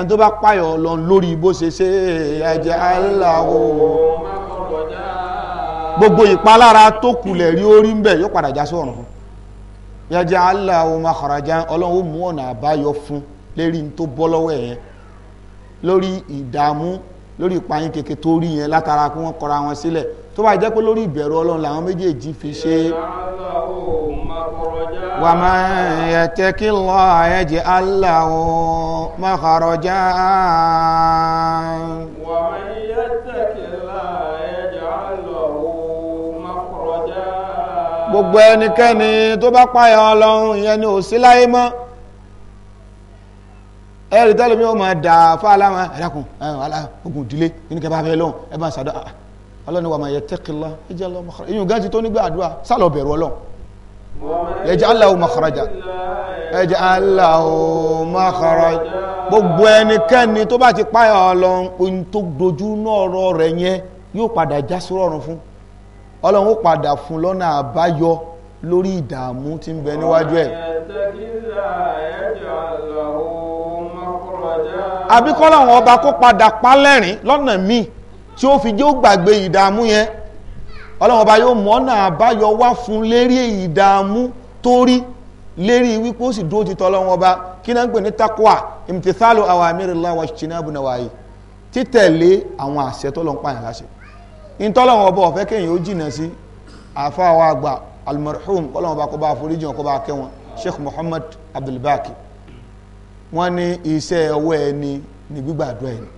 ẹni tó bá páyọ̀ lọ lórí bó ṣe ṣe ẹjẹ́ aláwọ̀ gbogbo ìpalára tó kulẹ̀ rí orí ń bẹ̀ yóò padà já sọ̀rọ̀ fún ẹjẹ́ aláwọ̀ makarajà ọlọ́run mú ọ̀nà àbáyọ fún lérí tó bọ́ lọ́wọ́ ẹ̀ lórí ìdààmú lórí ìpayín kèké tó rí yẹn látara kí wọ́n kọra wọn sílẹ̀ tó bá jẹ́ pé lórí ìbẹ̀rù ọlọ́run làwọn méjèèjì fi ṣe wà máa yẹ tẹ́ kí lọ ẹ̀jẹ̀ aláwọ̀ mọ́kàrọ̀já gbogbo ẹnikẹ́ni tó bá páyà ọlọ́run ìyẹn ni ò sí láyé mọ́ ẹ̀rì tẹ́lẹ̀ mi ò máa dà fáaláma ẹ̀dàkùn ogun ìdílé nínú kẹfà fẹ́ lọ́hùn ẹ bá ń sàdọ́ ọlọ́ni wàmà yattaqillah ij'al makhraja èyí ò gáàsì tó nígbà àdúrà sálọ bẹ̀rù ọlọ́run yaj'al lahu makhraja yaj'al lahu makhraja gbogbo ẹnikẹ́ni tó bá ti páyà ọlọ́run ohun tó dojú náà rọ rẹ̀ yẹn yóò padà já sí rọrùn fún ọlọ́run ó padà fún lọ́nà àbáyọ lórí ìdààmú tí ń bẹ níwájú ẹ̀ àbíkọ́lọ́run ọba kó padà pálẹ́rìn lọ́nà míì tí ó fi jẹ́ ó gbàgbé ìdààmú yẹn ọlọ́run ọba yóò mú ọ̀nà àbáyọ wá fún lérí ìdààmú tó rí lérí wípé ó sì dúró ti tọ́lọ́run ọba kí náà ń pè ní takwa imtithalu awamirillahi wajtinabu nawahi títẹ̀lé àwọn àṣẹ tọ́lọ́run pààyàn láṣẹ ìtọ́lọ́run ọba ọ̀fẹ́ kéèyàn ó jìnà sí àfáà wa àgbà almarhum kọ́lọ́run ọba kó bá foríjì wọn kó bá kẹ́ wọn sheikh muhammad abdulbaki wọ́n ní iṣẹ́ ọwọ́ ẹni ní gbígbàdúrà ẹni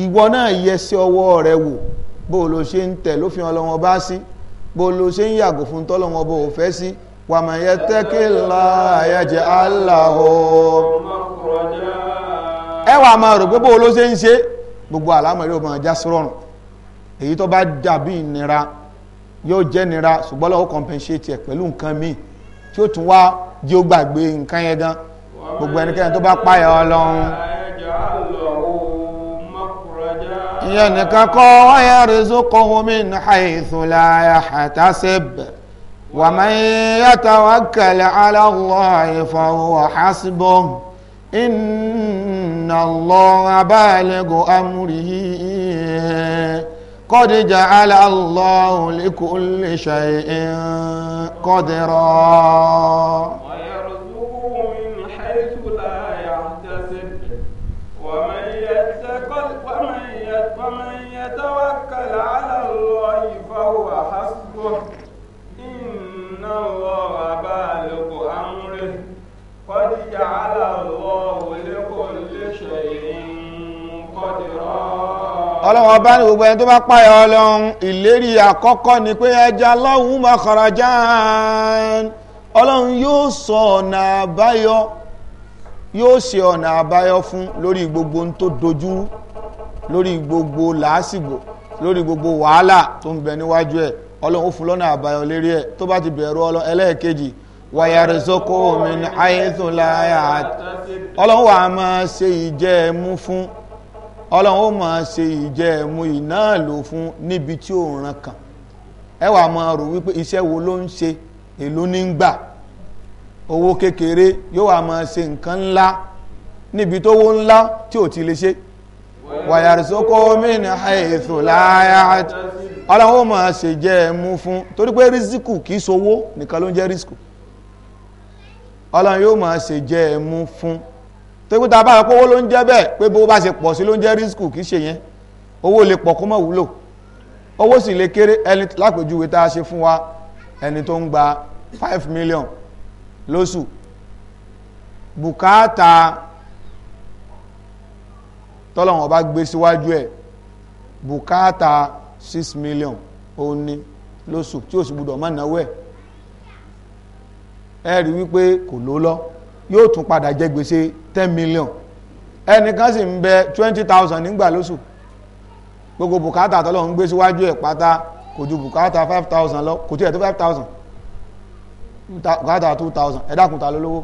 ìwọ náà yẹsẹ ọwọ́ rẹ wò bó o lo ṣe ń tẹ̀ lófin ọlọ́wọ́n bá sí bó o lo ṣe ń yàgò fún tọ́lọ́wọ́n bó o fẹ́ sí wàmọ̀ yẹ tẹ́kìlá ayájẹ́ aláhọ́ ẹ wà máa rò pé bó o lo ṣe ń ṣe gbogbo àlámọ̀rí ọmọ ajá sọ́rọ̀rùn èyí tó bá dàbí ìnira yóò jẹ́ nira ṣùgbọ́n lọ́wọ́ compensate ẹ̀ pẹ̀lú nǹkan míì tí ó tún wá jí ó gbàgbé nǹkan yẹn gan gbogbo ẹnikẹ́ni tó bá páyà ọlọ́run ìyẹn nìkan kọ́ wa yarzuquhu min haythu la yahtasib wa man yatawakkal ala Allahi fa huwa hasbuh inna Allaha balighu amrihi qad ja'ala Allahu likulli shay'in qadra. ọlọ́run ọba ní gbogbo ẹni tó bá páyà ọlọ́run ìlérí àkọ́kọ́ ni pé ẹja lọ́hùn mọ̀kànràján ọlọ́run yóò sọ ọ̀nà àbáyọ yóò ṣe ọ̀nà àbáyọ fún lórí gbogbo ohun tó dojú lórí gbogbo làásìgbò lórí gbogbo wàhálà tó ń bẹ níwájú ọlọ́run ó fún lọ́nà àbáyọ lérí tó bá ti bẹ̀rù ẹlẹ́ẹ̀kejì wàyàrìsókò min àìsùn láyà ọlọ́run wà máa ṣe ìjẹ́ ẹmú fún ọlọ́run ó máa ṣe ìjẹ́ iná lò fún níbi tí ò ràn kàn ẹ wà máa rò wípé iṣẹ́ wo ló ń ṣe èló ní ń gbà owó kékeré yóò wà máa ṣe nǹkan ńlá níbi tó wó ńlá tí ò ti lè ṣe min ọlọ́run ó máa ṣe ìjẹ́ fún torí pé rísíkù kì í ṣowó ọlọ́run yóò máa ṣe jẹ́ ẹ mú fún torí tá a bá rẹ pé owó ló ń jẹ́ bẹ́ẹ̀ pé bó bá ṣe pọ̀ sí ló ń jẹ́ rísíkù kì í ṣe yẹn owó lè pọ̀ kó má wúlò owó sì lè kéré ẹni lápèjúwe tá a ṣe fún wa ẹni tó ń gba five million lóṣù bùkátà tọ́lọ́wọ́n bá gbé síwájú ẹ̀ bùkátà six million ó ní lóṣù tí ó sì gbúdọ̀ má náwó ẹ̀ ẹ rí wípé kò ló lọ yóò tún padà jẹ gbèsè ten million ẹnìkan sì ń bẹ twenty thousand nígbà lóṣù gbogbo bùkátà tọ́lọ̀ ń gbé síwájú ẹ̀ pátá kò ju bùkátà five thousand lọ kò tiẹ̀ tó five thousand bùkátà two thousand ẹ dákun ta ló lówó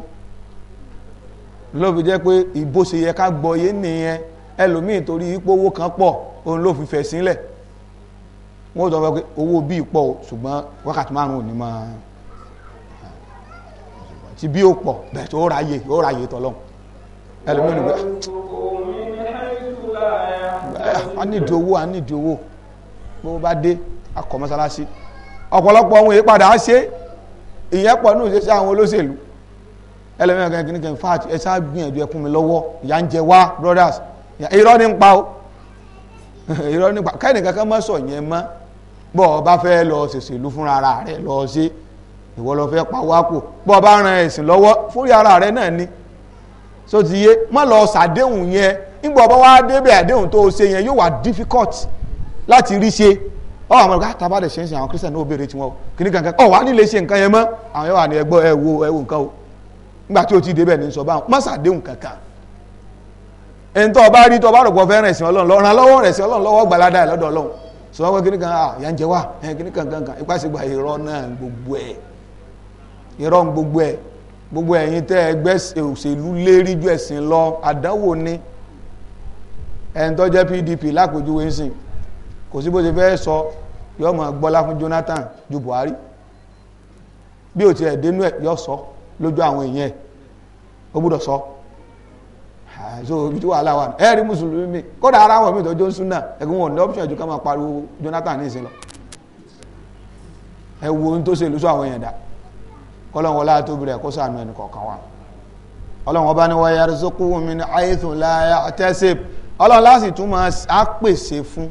ló fi jẹ́ pé ìbò ṣe yẹ ká gbọ́yé nìyẹn ẹlòmíì torí ipò owó kan pọ̀ òun ló fi fẹ̀ sílẹ̀ wọ́n sọ pé owó bíi pọ̀ ṣùgbọ́n wákàtí márùn-ún ò máa tí bí ó pọ̀ bẹ̀ tó ráyè ó ráyè tọ́lọ́n ẹlòmí olùgbé ah, a nídìí owó a nídìí owó bó bá dé akọ̀ mọ́sálásí ọ̀pọ̀lọpọ̀ ohun èyí padà á ṣe ìyẹn pọ̀ ní òṣèṣẹ́ àwọn olóṣèlú ẹlẹ́mìn ọ̀gá ẹ̀kíní kan fáàtì ẹ ṣáà gbìyànjú ẹkún mi lọ́wọ́ ìyá ń jẹ wá brothers irọ́ ní ń pa ó irọ́ ní ń pa kẹ́nìkan kan mọ́ sọ yẹn mọ́ bọ́ ọ bá fẹ́ lọ ṣèṣèlú fúnra rẹ̀ lọ ṣe ìwọ lọ fẹ́ pa wákò bọ́ ọ bá ran ẹ̀sìn lọ́wọ́ fúri ara rẹ náà ni so ti yé má lọ sàdéhùn yẹn nígbà ọba wa débẹ̀ àdéhùn tó o ṣe yẹn yóò wà difficult láti rí ṣe ọ àwọn ọmọ tá a bá lè ṣe ń ṣe àwọn christian náà ó béèrè tiwọn o kìnnì kankan ọ wà nílé ṣe nǹkan yẹn mọ́ àwọn yẹn wà ní ẹgbọ́ ẹ wo ẹ wo nǹkan o nígbà tí o ti débẹ̀ ní sọ báwọn má sàdéhùn kankan ẹni tó o bá rí tó o bá rò pọ̀ fẹ́ràn ẹ̀sìn ọlọ́run lọ́ràn lọ́wọ́ rẹ̀ sí ọlọ́run lọ́wọ́ gbalada ẹ̀ lọ́dọ̀ ọlọ́run sọ wọ́n kìnnì kan à ah, yà ń jẹ wá kìnnì kankan ìpàṣẹgbà ìrọ náà gbogbo ẹ̀ ìrọ̀ gbogbo ẹ̀ gbogbo ẹ̀yin tẹ́ ẹgbẹ́ òṣèlú lérí ju ẹ̀sìn lọ àdánwò ni ẹni tó jẹ́ PDP lápèjúwe ń sìn kò sí bó ṣe fẹ́ sọ yóò máa gbọ́lá fún Jonathan ju Buhari bí ò tiẹ̀ dénú ẹ̀ yóò sọ lójú àwọn èèyàn ẹ̀ ó gbúdọ̀ sọ ah, so ibi tí wàhálà wà ẹ rí mùsùlùmí mi kódà ara wọn mi tó Johnson náà ẹgbẹ́ wọn ní option ju ká máa pariwo Jonathan ní ìsìn lọ ẹ wo ohun tó ṣe lóṣù àwọn èèyàn dáa kọ́lọ́n a àtòbí rẹ̀ kó sànú ẹnì kan wa ọlọ́run ọba ni wọ́n yára sókú mi ní àyètò láyà àtẹ́sẹ̀ fun pèsè fún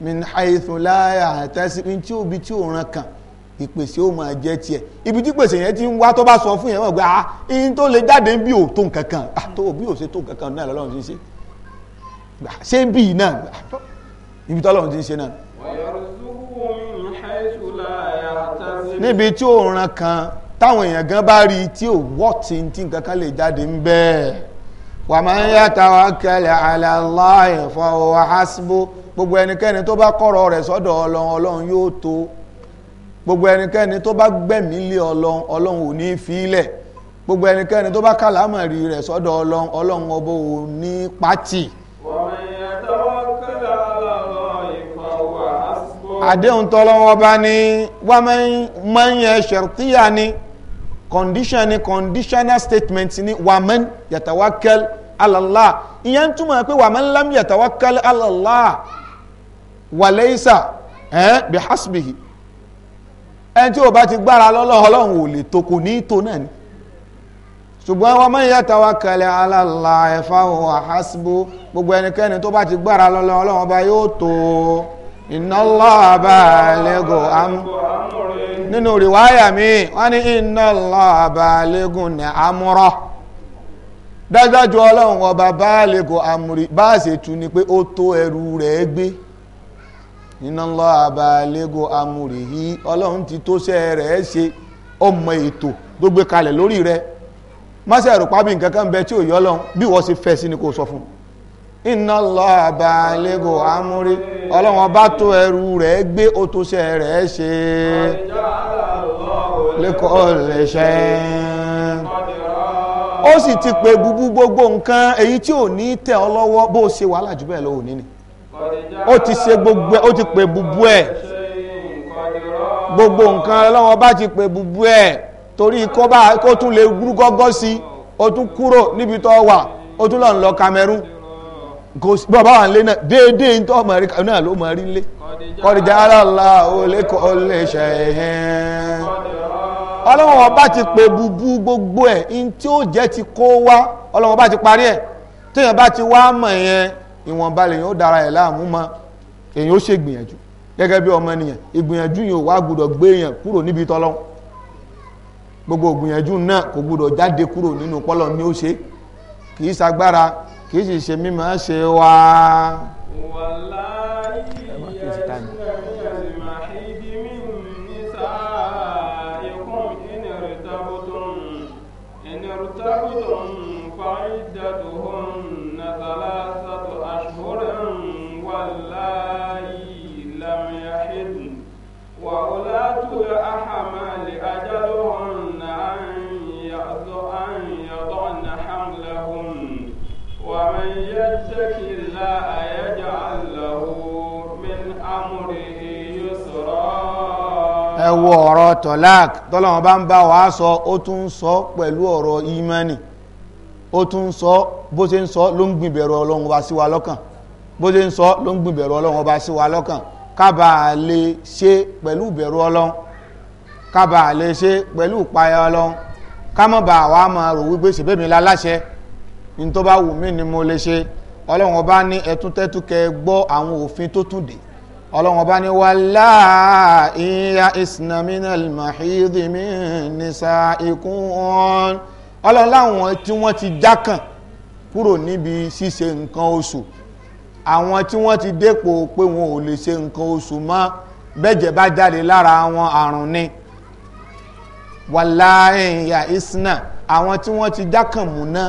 mi ní àyètò láyà tí ó ibi tí pèsè yẹn ti ń wá sọ fún yẹn gba ah, tó lè jáde bí tó nǹkan kan ah, tó bí ò ṣe níbi tí òòràn kan táwọn èèyàn gan bá rí tí ò wọ́tí tí nǹkan kan lè jáde ń bẹ́ẹ̀ wà máa ń yàtà wá kẹlẹ̀ aláàláì fọwọ́ hasbó gbogbo ẹnikẹ́ni tó bá kọ̀rọ̀ rẹ̀ sọ́dọ̀ ọlọ́run ọlọ́run yóò tó gbogbo ẹnikẹ́ni tó bá gbẹ̀mí lé ọlọ́run ọlọ́run ò ní fílẹ̀ gbogbo ẹnikẹ́ni tó bá kàlámọ̀rí rẹ̀ sọ́dọ̀ ọlọ́run ọlọ́run ọbọ̀ ò ní pátì wà máa ń àdéhùn tọ́lọ́wọ́ bá ní wá mẹ́yìn ṣẹ̀rtíyà ni condition ni conditional statement ni wà mẹ́n yatawakkal ala Allah ìyẹn túmọ̀ pé wà mẹ́n lam yatawakkal ala Allah wa laysa bi hasbihi ẹni tí o bá ti gbára lọ́lọ́ ọlọ́run ò lè tó kò ní tó náà ni ṣùgbọ́n wa man yatawakkal ala Allah fa huwa hasbu gbogbo ẹnikẹ́ni tó bá ti gbára lọ́lọ́ ọba yóò tó o iná lọ́ọ̀bà lẹ́gùn amú nínú rìwáyà mi wọ́n ní iná lọ́ọ̀bà lẹ́gùn ní amúrọ́ dájájú ọlọ́run ọba báàlẹ́gùn amúrí báàsì tu ni pé ó tó ẹrù rẹ̀ gbé iná lọ́ọ̀bà lẹ́gùn amúrí yìí ọlọ́run ti tó sẹ́ rẹ̀ ṣe ọmọ ètò tó gbé kalẹ̀ lórí rẹ̀ má ṣe nǹkan sọ fún iná lọ àbálẹ́gò amúrí ọlọ́run ọba tó ẹrù rẹ̀ gbé ó tó ṣe rẹ̀ ṣe lẹ́kọ̀ọ́ lè ṣe ó sì ti pe búbú gbogbo nǹkan èyí tí ò ní tẹ̀ ọ́ lọ́wọ́ bó o ṣe wàhálà jù bẹ́ẹ̀ lọ òní ni ó ti ṣe gbogbo ó ti pe búbú ẹ̀ gbogbo nǹkan ọlọ́run ọba ti pe búbú ẹ̀ torí kó tún lè rú gọ́gọ́ sí ó tún kúrò níbi tó wà ó tún lọ lọ Cameroon kò sí bọ́ọ̀ bá wà nílé náà déédéé tó ọmọ rí náà ló mọ rí lé kọ́dìjà aláàlá olékọ́ oléṣẹ́ ẹ̀hẹ́n ọlọ́wọ́n ọba ti pè bubú gbogbo ẹ̀ in tí ó jẹ́ ti kó wá ọlọ́wọ́n ọba ti parí ẹ̀ téèyàn bá ti wá mọ̀ yẹn ìwọ̀nba lèyàn ó dára ẹ̀ láàmú mọ́ èyàn ó ṣe gbìyànjú gẹ́gẹ́ bí ọmọ ènìyàn ìgbìyànjú yìí ò wá gbúdọ̀ gbé èèyàn kúrò níbi tọ́lọ́hún gbogbo ìgbìyànjú náà kò gbúdọ̀ jáde kúrò nínú pọ́lọ́ ní ó ṣe kì í sagbára kì í sì ṣe mímọ̀ ṣe wá. wo ọ̀rọ̀ tọ́lák tọ́lọ́wọ́n bá ń bá wa sọ ó tún sọ pẹ̀lú ọ̀rọ̀ ìmánì ó tún sọ bó ṣe ń sọ ló ń gbìn bẹ̀rù ọlọ́run ọba sí wa lọ́kàn bó ṣe ń sọ ló ń gbìn bẹ̀rù ọlọ́run ọba sí wa lọ́kàn kábà lè ṣe pẹ̀lú bẹ̀rù ọlọ́run kábà lè ṣe pẹ̀lú ìpayà ọlọ́run kámọ́ bá wa máa rò wípé ṣèbẹ́mi la láṣẹ ní tó bá wù mí ni mo lè ṣe ọlọ́run ọba ní ẹtútẹ́tù kẹ gbọ́ àwọn òfin tó tún dé ọlọ́wọ́n bá ní wàlá ìyá isnaminal mahidimi nisa ikun ọlọ́run láwọn tí wọ́n ti jákàn kúrò níbi ṣíṣe nǹkan oṣù àwọn tí wọ́n ti dépò pé wọn ò lè ṣe nǹkan oṣù mọ́ bẹ́jẹ̀ bá jáde lára àwọn àrùn ni wàlá ìyá isna àwọn tí wọ́n ti jákàn múná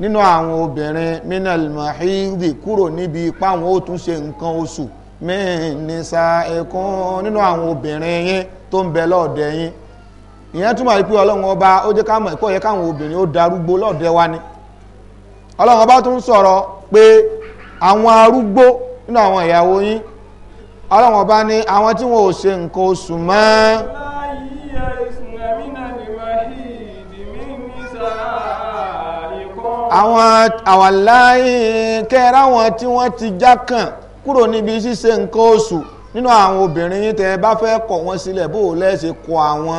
nínú àwọn obìnrin minal mahidi kúrò níbi ipá wọn ó tún ṣe nǹkan oṣù min nisaikum nínú àwọn obìnrin yín tó ń bẹ lọ́ọ̀dẹ yín ìyẹn túmọ̀ pé ọlọ́run ọba ó jẹ́ ká mọ̀ ẹ̀kọ́ yẹ káwọn obìnrin ó darúgbó lọ́ọ̀dẹ wa ni ọlọ́run ọba tún sọ̀rọ̀ pé àwọn arúgbó nínú àwọn ìyàwó yín ọlọ́run ọba ní àwọn tí wọn ò ṣe nǹkan oṣù mọ́ àwọn àwàláyìn kẹ́ra wọn tí wọ́n ti já kàn kúrò níbi ṣíṣe nǹkan oṣù nínú àwọn obìnrin yín tẹ́ bá fẹ́ kọ̀ wọ́n sílẹ̀ bó o lẹ́sẹ̀ kọ àwọn.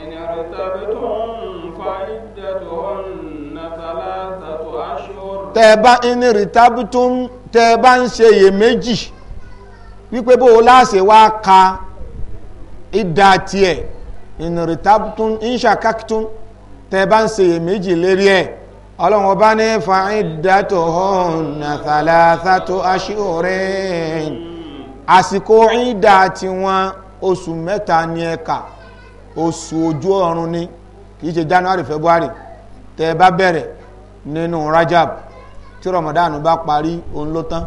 ìnira tàbí tó ń fa ìdẹ́tò ọ̀nà tàlátàtò aṣọ. tẹ́ bá ìnira tàbí tó ń tẹ́ bá ń ṣe iyèméjì wípé bó o láṣẹ wá ka ìdá tiẹ̀ ìnira tàbí tó ń ṣàkàtún bá ń ṣe iyèméjì lérí ẹ̀ ọlọ́run ọba ní fa'iddatuhunna thalathatu ashhurin àsìkò ìdá tiwọn oṣù mẹ́ta ní ẹ̀ka oṣù ojú ọ̀run ni kìí ṣe january february tẹ́ ẹ bá bẹ̀rẹ̀ nínú rajab tí ramadan bá parí òun ló tán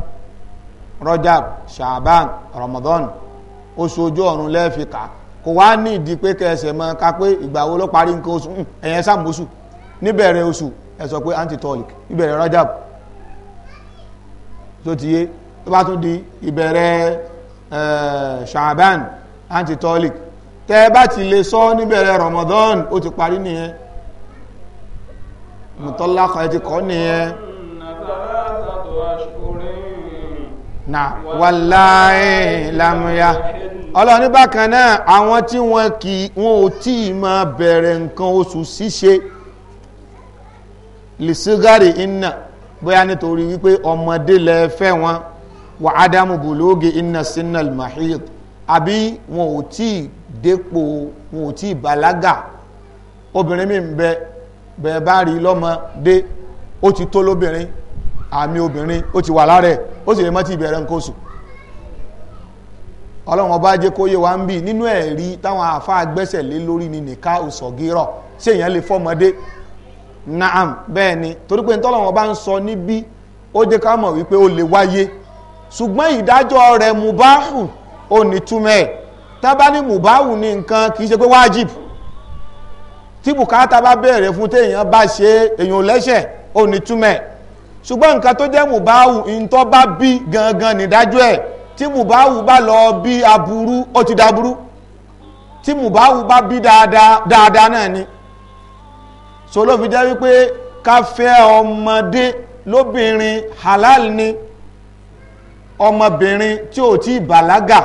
rajab shaban ramadan oṣù ojú ọ̀run lẹ́ẹ̀fìkà kò wá ní ìdí pé kẹsẹ̀ mọ́ ká pé ìgbà wo ló parí nǹkan oṣù ẹ̀yẹn sàmóṣù níbẹ̀rẹ̀ oṣù ẹ sọ anti antitolic ìbẹ̀rẹ̀ rajab tó ti yé tó bá tún di ìbẹ̀rẹ̀ ṣàbán antitolic tẹ́ bá ti lè sọ níbẹ̀rẹ̀ ramadan ó ti parí nìyẹn mùtọ́lákọ̀ ẹ ti kọ́ nìyẹn na wàláì lámúyá ọlọ́ní bákan náà àwọn tí wọ́n kì wọ́n ò tí ma bẹ̀rẹ̀ nǹkan oṣù ṣíṣe lissigari iná bóyá nítorí wípé ọmọdé lẹ fẹ́ wọn wà ádámù bòlóògì ina sinal mahid àbí wọn ò tí ì dépò wọn ò tí ì bàlágà obìnrin mi ń bẹ bẹ́ẹ̀ bá rí lọ́mọdé ó ti tó lóbìnrin àmì obìnrin ó ti wà lára ẹ̀ ó sì lè mọ́ ti ìbẹ̀rẹ̀ nǹkan oṣù ọlọ́run ọba jẹ́ kó yé wa ń bì nínú ẹ̀rí táwọn àáfàá gbẹ́sẹ̀ lé lórí ni nìka òsọ̀gírọ̀ ṣé èèyàn lè naam bẹ́ẹ̀ ni torí pé ntọ́lọ́wọ́n bá ń sọ níbí ó jẹ́ ká mọ̀ wípé ó lè wáyé ṣùgbọ́n ìdájọ́ rẹ̀ mubahu ó ní túmẹ̀ ẹ̀ tábà ní mubahu ní nǹkan kì í ṣe pé wájib tí bùkátà bá bẹ̀rẹ̀ fún téèyàn bá ṣe èèyàn lẹ́ṣẹ̀ ó ní túmẹ̀ ṣùgbọ́n nǹkan tó jẹ́ mubahu ìntọ́ bá bí gangan nídájọ́ ẹ̀ tí mubahu bá lọ bí aburú ó ti daburú tí mubahu bá bí dáadáa dáadáa náà ni so ló fi jẹ́ wípé ká fẹ́ ọmọdé lóbìnrin halal ni ọmọbìnrin tí ò tí bàlágà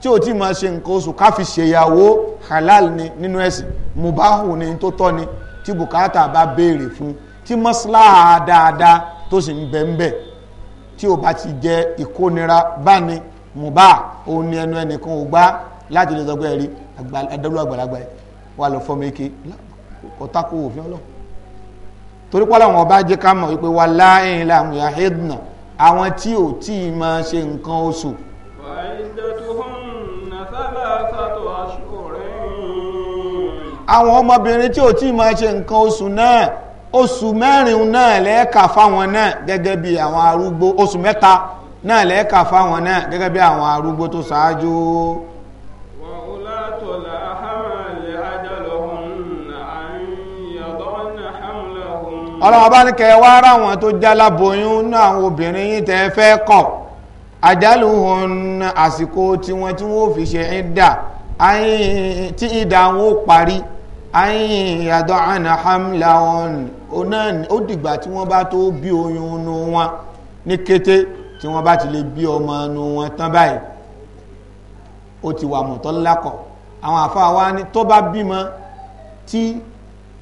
tí ò tí máa ṣe nǹkan oṣù ká fi ṣèyàwó halal ni nínú ẹ̀sìn mubahu ni tó tọ́ ni tí bùkátà bá béèrè fún tí mọ́síláà dáadáa tó sì ń bẹ ń bẹ tí ò bá ti jẹ́ ìkónira bá ní òun ni ẹnu ẹnìkan ò gbá láti lè sọ pé ẹ̀rí ẹ̀dọ́lú àgbàlagbà wà lọ fọ́mẹ́kẹ́ kọ́tákó òfin ọlọ́run torí pọ́lá wọn bá jẹ́ ká mọ̀ wípé wà láàyìn láàmù yahidna àwọn tí ò tí ì máa ṣe nǹkan oṣù. àwọn ọmọbìnrin tí ò tí ì máa ṣe nǹkan oṣù náà oṣù mẹ́rin náà lẹ́ẹ̀ka fáwọn náà gẹ́gẹ́ bí àwọn arúgbó oṣù mẹ́ta náà lẹ́ẹ̀ka fáwọn náà gẹ́gẹ́ bí àwọn arúgbó tó ṣáájú. ọlọ́wọ́ bá ní kẹ́ wá ráwọn tó jáláboyún ní àwọn obìnrin yìí tẹ́ fẹ́ kọ̀ àjálù hàn àsìkò tiwọn tí wọ́n fi ṣe ìdá tí ìdá wọn ó parí ayin yàtọ̀ àna hamla wọn ó dìgbà tí wọ́n bá tó bí oyún nu wọn ní kété tí wọ́n bá ti lè bí ọmọ nu wọn tán báyìí ó ti wà mọ̀tọ́lákọ̀ àwọn àfa wa ni tó bá bímọ tí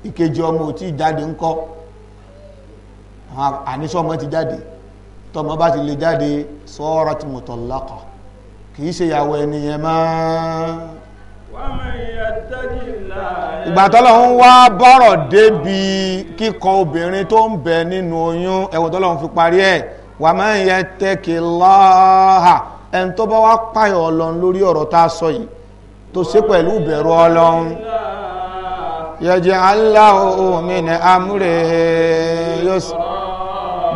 ìkejì ọmọ ò tí jáde ńkọ́ àníṣọ́mọ́ ti jáde tọmọ bá ti lè jáde sọ́ọ́rọ̀ tí mo tọ̀lákọ̀ kìí ṣe ìyàwó ẹni máa ìgbà wá bọ́rọ̀ débi kíkọ obìnrin tó ń bẹ nínú oyún ẹ̀wọ̀n tọ́lọ́hún fi parí ẹ̀ wà máa ń yẹ tẹ́kì ẹni tó bá wá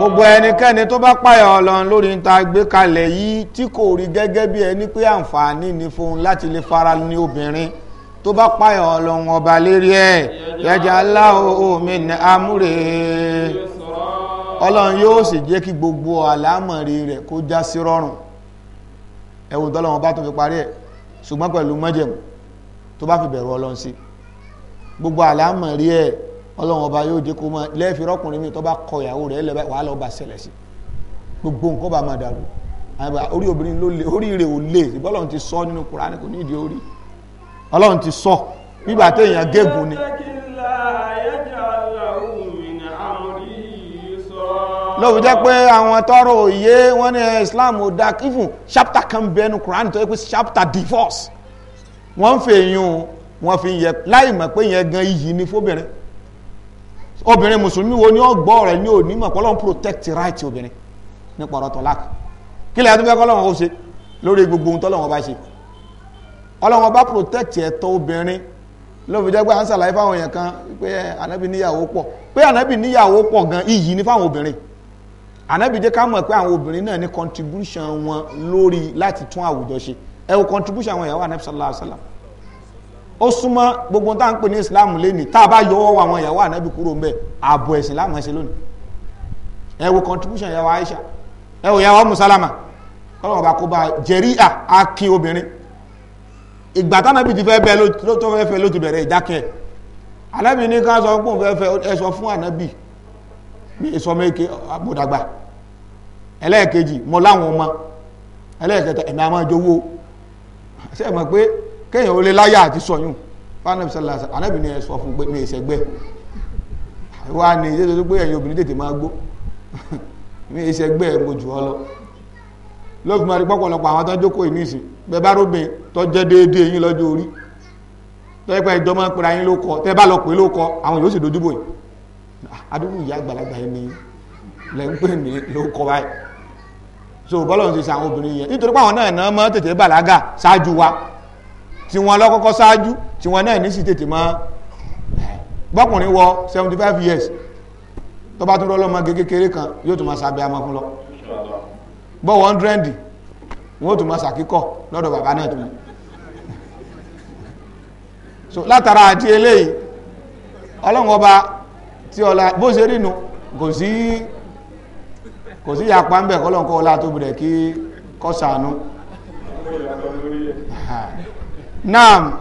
gbogbo ẹnikẹ́ni tó bá páyà ọlọ́run lórí ta gbé kalẹ̀ yìí tí kò rí gẹ́gẹ́ bí ẹni pé àǹfààní ni fún láti lè fara ní obìnrin tó bá páyà ọlọ́run ọba lérí ẹ̀ yẹjà aláhùn omi ní amúre ọlọ́run yóò sì jẹ́ kí gbogbo àlámọ̀rí rẹ̀ kó já sí rọrùn ẹ̀wùn tọ́lọ́run bá tún fi parí ẹ̀ ṣùgbọ́n pẹ̀lú májẹ̀mú tó bá fi bẹ̀rù ọlọ́run sí gbogbo àlámọ̀rí ẹ̀ ọlọ́run ọba yóò jẹ́ kó máa lẹ́ẹ̀fi rọ́kùnrin mi tó bá kọ ìyàwó rẹ̀ lẹ́bàá wàá lọ́ọ́ bá ṣẹlẹ̀ sí gbogbo nǹkan bá máa dàrú orí obìnrin ló le orí rẹ̀ ò le ìbọ́lọ́run ti sọ nínú kùránì kò ní ìdí orí ọlọ́run ti sọ bíbà téèyàn gégùn ni. lóbi jẹ́ pé àwọn tọrọ òye wọn ní Islam ò dáa kífùn ṣápítà kan bẹ́ẹ̀ nu kùránì tó yẹ pé ṣápítà divorce wọ́n ń fèèyàn wọ́n fi yẹ láì mọ̀ pé yẹn gan iyì ni fóbìnrin obìnrin mùsùlùmí wo ni ó gbọ́ rẹ̀ ní òní mọ̀ kọ́lọ́n protect right obìnrin nípa ọ̀rọ̀ tọ́láàkì kí lẹ́yìn tó fẹ́ kọ́lọ́n ó ṣe lórí gbogbo ohun tọ́lọ́wọ́n bá ṣe ọlọ́wọ́n bá protect ẹ̀tọ́ obìnrin lóbi jẹ́ pé à ń ṣàlàyé fáwọn èèyàn kan pé ànábì níyàwó pọ̀ pé ànábì níyàwó pọ̀ gan iyì ní fáwọn obìnrin ànábì jẹ́ ká mọ̀ pé àwọn obìnrin náà ní contribution wọn lórí láti tún àwùjọ ṣe ẹ wo contribution àwọn ìyàwó ànábì sallallahu alaihi wasallam ó súnmọ́ gbogbo tá à ń pè ní islam lẹ́nìí tá a bá yọ ọwọ́ àwọn ìyàwó ànábì kúrò ńbẹ ààbò ẹ̀sìn láwọn ẹ̀sìn lónìí ẹ wo contribution ìyàwó Aisha ẹ wo ìyàwó musalama kọ́lọ́wọ́ bá kó bá jẹ̀ríà akin obìnrin ìgbà tánábì ti fẹ́ bẹ́ẹ̀ ló tó fẹ́ fẹ́ ló ti bẹ̀rẹ̀ ìdákẹ́ ànábì ní ká sọ fún fẹ́fẹ́ ẹ sọ fún ànábì ní ìsọmẹ́kẹ́ àbòdàgbà ẹlẹ́ẹ̀kejì mọ láwọn ọmọ ẹlẹ́ẹ̀kẹta ẹ̀mí àmọ́ ìjọwọ́ ṣe é kéèyàn ó lé láyà àti sọyún fanabi sọlá anabi ni ẹ sọ fún pé mi ni ṣe tó pé ẹ̀yin obìnrin tètè máa gbó mi ì sẹgbẹ ẹ mo ọ lọ lóògùn máa rí pọ̀pọ̀lọpọ̀ àwọn tó jókòó yìí déédéé yín orí ìjọ máa ń pera yín ló kọ bá lọ pé ló kọ àwọn yóò sì ni tí wọ́n lọ́kọ́kọ́ ṣáájú tí wọ́n náà ní sí tètè máa bọ́kùnrin wọ 75 years tó bá tún rọ́ lọ́mọ kékeré kan yóò tún máa sábẹ́ amọ́ fún lọ bọ́ 100 wọ́n tún máa sàkíkọ̀ lọ́dọ̀ bàbá náà tún so látara àti eléyìí ọlọ́run ọba tí ọlá bó ṣe rí nu kò sí kò sí yapa ń bẹ̀ kọ́lọ́nkọ́ ọlá tó bẹ̀rẹ̀ kí kọ́sàánú naam.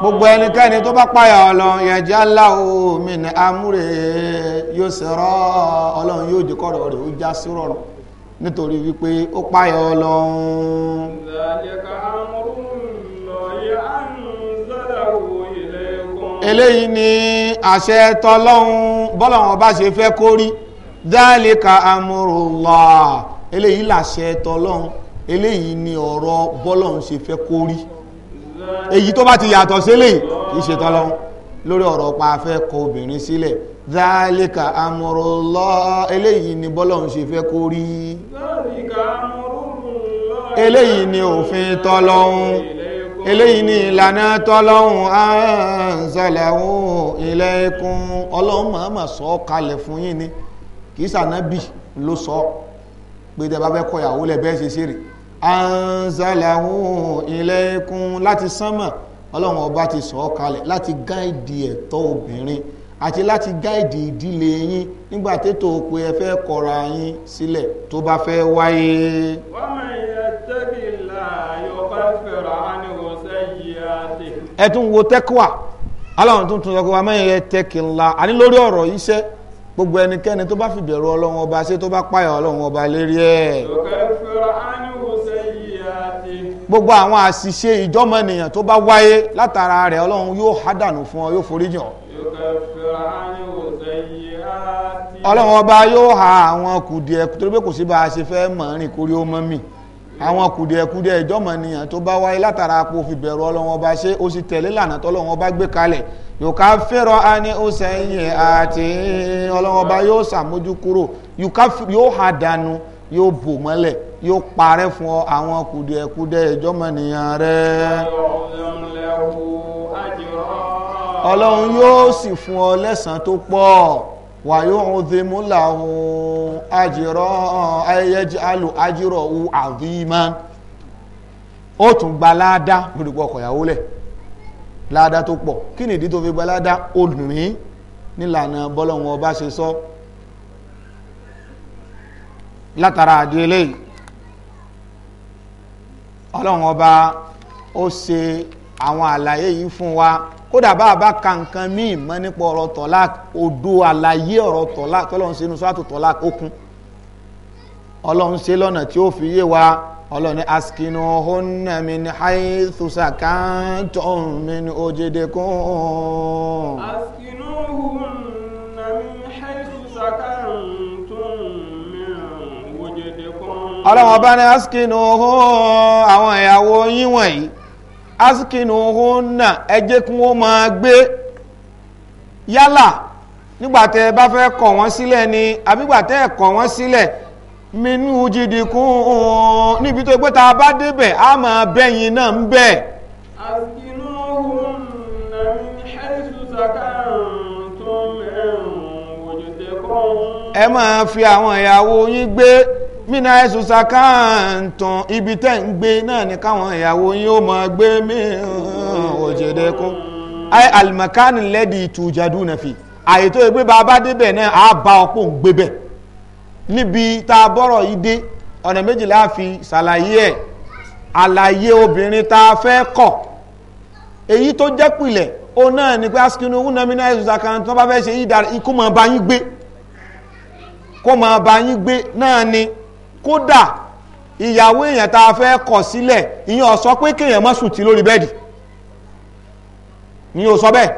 gbogbo ẹnikẹ́ni tó bá páyà ọlọ́run yajallahu min yóò sọ̀rọ̀. ọlọ́run yóò di kọ́rọ̀ rẹ̀ ó já sí nítorí wípé ó páyà ọlọ́run. eléyìí ni àṣẹ ṣe fẹ́ kórí. dhalika amrullah eléyìí làṣẹ tọlọ́run eléyìí ni ọ̀rọ̀ bọ́lọ́run ṣe fẹ́ kó rí èyí tó bá ti yàtọ̀ sílẹ̀ kì í ṣe tọlọ́run lórí ọ̀rọ̀ pa afẹ́ kọ obìnrin sílẹ̀ dhalika amrullah eléyìí ni bọ́lọ́run ṣe fẹ́ kó rí eléyìí ni òfin tọlọ́run eléyìí ni ìlànà tọ́lọ́hun anzalahu ilaykum ọlọ́run máa mà sọ kalẹ̀ fún yín ni kìí sànábì ló sọ pé tẹ bá fẹ́ kọ ìyàwó lẹ bẹ́ẹ̀ ṣe ṣeré anzalahu ilaykum láti sánmà ọlọ́run ọba ti sọ ọ́ kalẹ̀ láti gáìdì ẹ̀tọ́ obìnrin àti láti gáìdì ìdílé yín nígbà tètò pé ẹ fẹ́ kọra yín sílẹ̀ tó bá fẹ́ wáyé. wọ́n mọ̀ ìyá wo tẹ́kọ̀wà aláwọn tuntun sọ pé wà mẹ́yìn ẹ tẹ́kìlá àní lórí ọ̀rọ̀ iṣẹ́ gbogbo ẹnikẹ́ni tó bá fìbẹ̀rù ọlọ́run ọba ṣe tó bá páyà ọlọ́run ọba lérí ẹ̀ gbogbo àwọn àṣìṣe ìjọ́mọ̀nìyàn tó bá wáyé látara rẹ̀ ọlọ́run yóò hádànù fún ọ yóò foríjìn ọ́ ọlọ́run ọba yóò ha àwọn kùdìẹ̀ torí pé kò sí bá a ṣe fẹ́ mọ̀ rìn kórí ó mọ́ mì àwọn kùdìẹ̀kùdìẹ̀ ìjọ́mọ̀ nìyàn tó bá wáyé látara apò fìbẹ̀rù ọlọ́wọ́n bá ṣe ó sì tẹ̀lé lànà tọ́lọ́wọ́n bá gbé kalẹ̀ yòókà fẹ́rọ a ní ó sẹ́yìn àti ọlọ́wọ́n bá yóò sàmójú kúrò yóò ha dànù yóò bò mọ́lẹ̀ yóò parẹ́ fún ọ àwọn kùdìẹ̀kùdìẹ̀ ìjọ́mọ̀ rẹ̀ ọlọ́run yóò sì fún ọ lẹ́san tó pọ̀ wàyúhùndínmú làwọn àjírọ́ ayẹyẹjì alù àjírọ̀ wu àdìmá ó tún gba láàdá lórí pọ̀ ọkọ ìyàwó lẹ̀ láàdá tó pọ̀ kí nìdí tó fi gba láàdá olùrìn nílànà bọ́lọ́hún ọba ṣe sọ látara àdìẹlẹ́ yìí ọba ó ṣe àwọn àlàyé yìí fún wa kódà bá a bá ka nǹkan míì mọ́ nípa ọ̀rọ̀ tọ́lák odò àlàyé ọ̀rọ̀ tọ́lák tọ́lọ́run sínú sọ́tò tọ́lák ó kún ṣe lọ́nà tí ó fi yé wa ọlọ́run ní askinu hunna min haythu sakantum min ojedikum. askinu hunna min haythu sakantum min ojedikum. ọlọ́run ọba ní askinu hún àwọn ìyàwó yín wọ̀nyí. asikinuhunna ẹ na kí wọ́n máa gbé yálà nígbàtẹ́ bá ni àbígbàtẹ́ ẹ kọ̀ wọ́n minú jìdì kún un níbi tó gbé ta bá débẹ̀ a máa bẹ́yìn náà ń fi àwọn ìyàwó yín gbé mina ẹ̀sùn sàkáàntàn ibi tẹ́ ń gbé náà ni káwọn ìyàwó yín ó máa gbé mìíràn òjèdè kó ayé alimakani lẹ́dí ìtùjàdù náà fi àyè tó yẹ pé bàbá débẹ̀ náà á bá ọpọ̀ ń gbé bẹ̀ níbi tá a bọ́rọ̀ yìí dé ọ̀nà méjìlá fi ṣàlàyé ẹ̀ àlàyé obìnrin tá a fẹ́ kọ̀ èyí tó jẹ́ pìlẹ̀ ó náà ni pé askinu owó náà mina ẹ̀sùn sàkáàntàn tó bá fẹ́ ṣe yìí dára ikú máa bá yín gbé kó máa bá yín gbé náà ni kódà ìyàwó èèyàn tá a fẹ́ kọ̀ sílẹ̀ ìyẹn ó sọ pé kéèyàn má sùn tí lórí bẹ́ẹ̀dì ni ó sọ bẹ́ẹ̀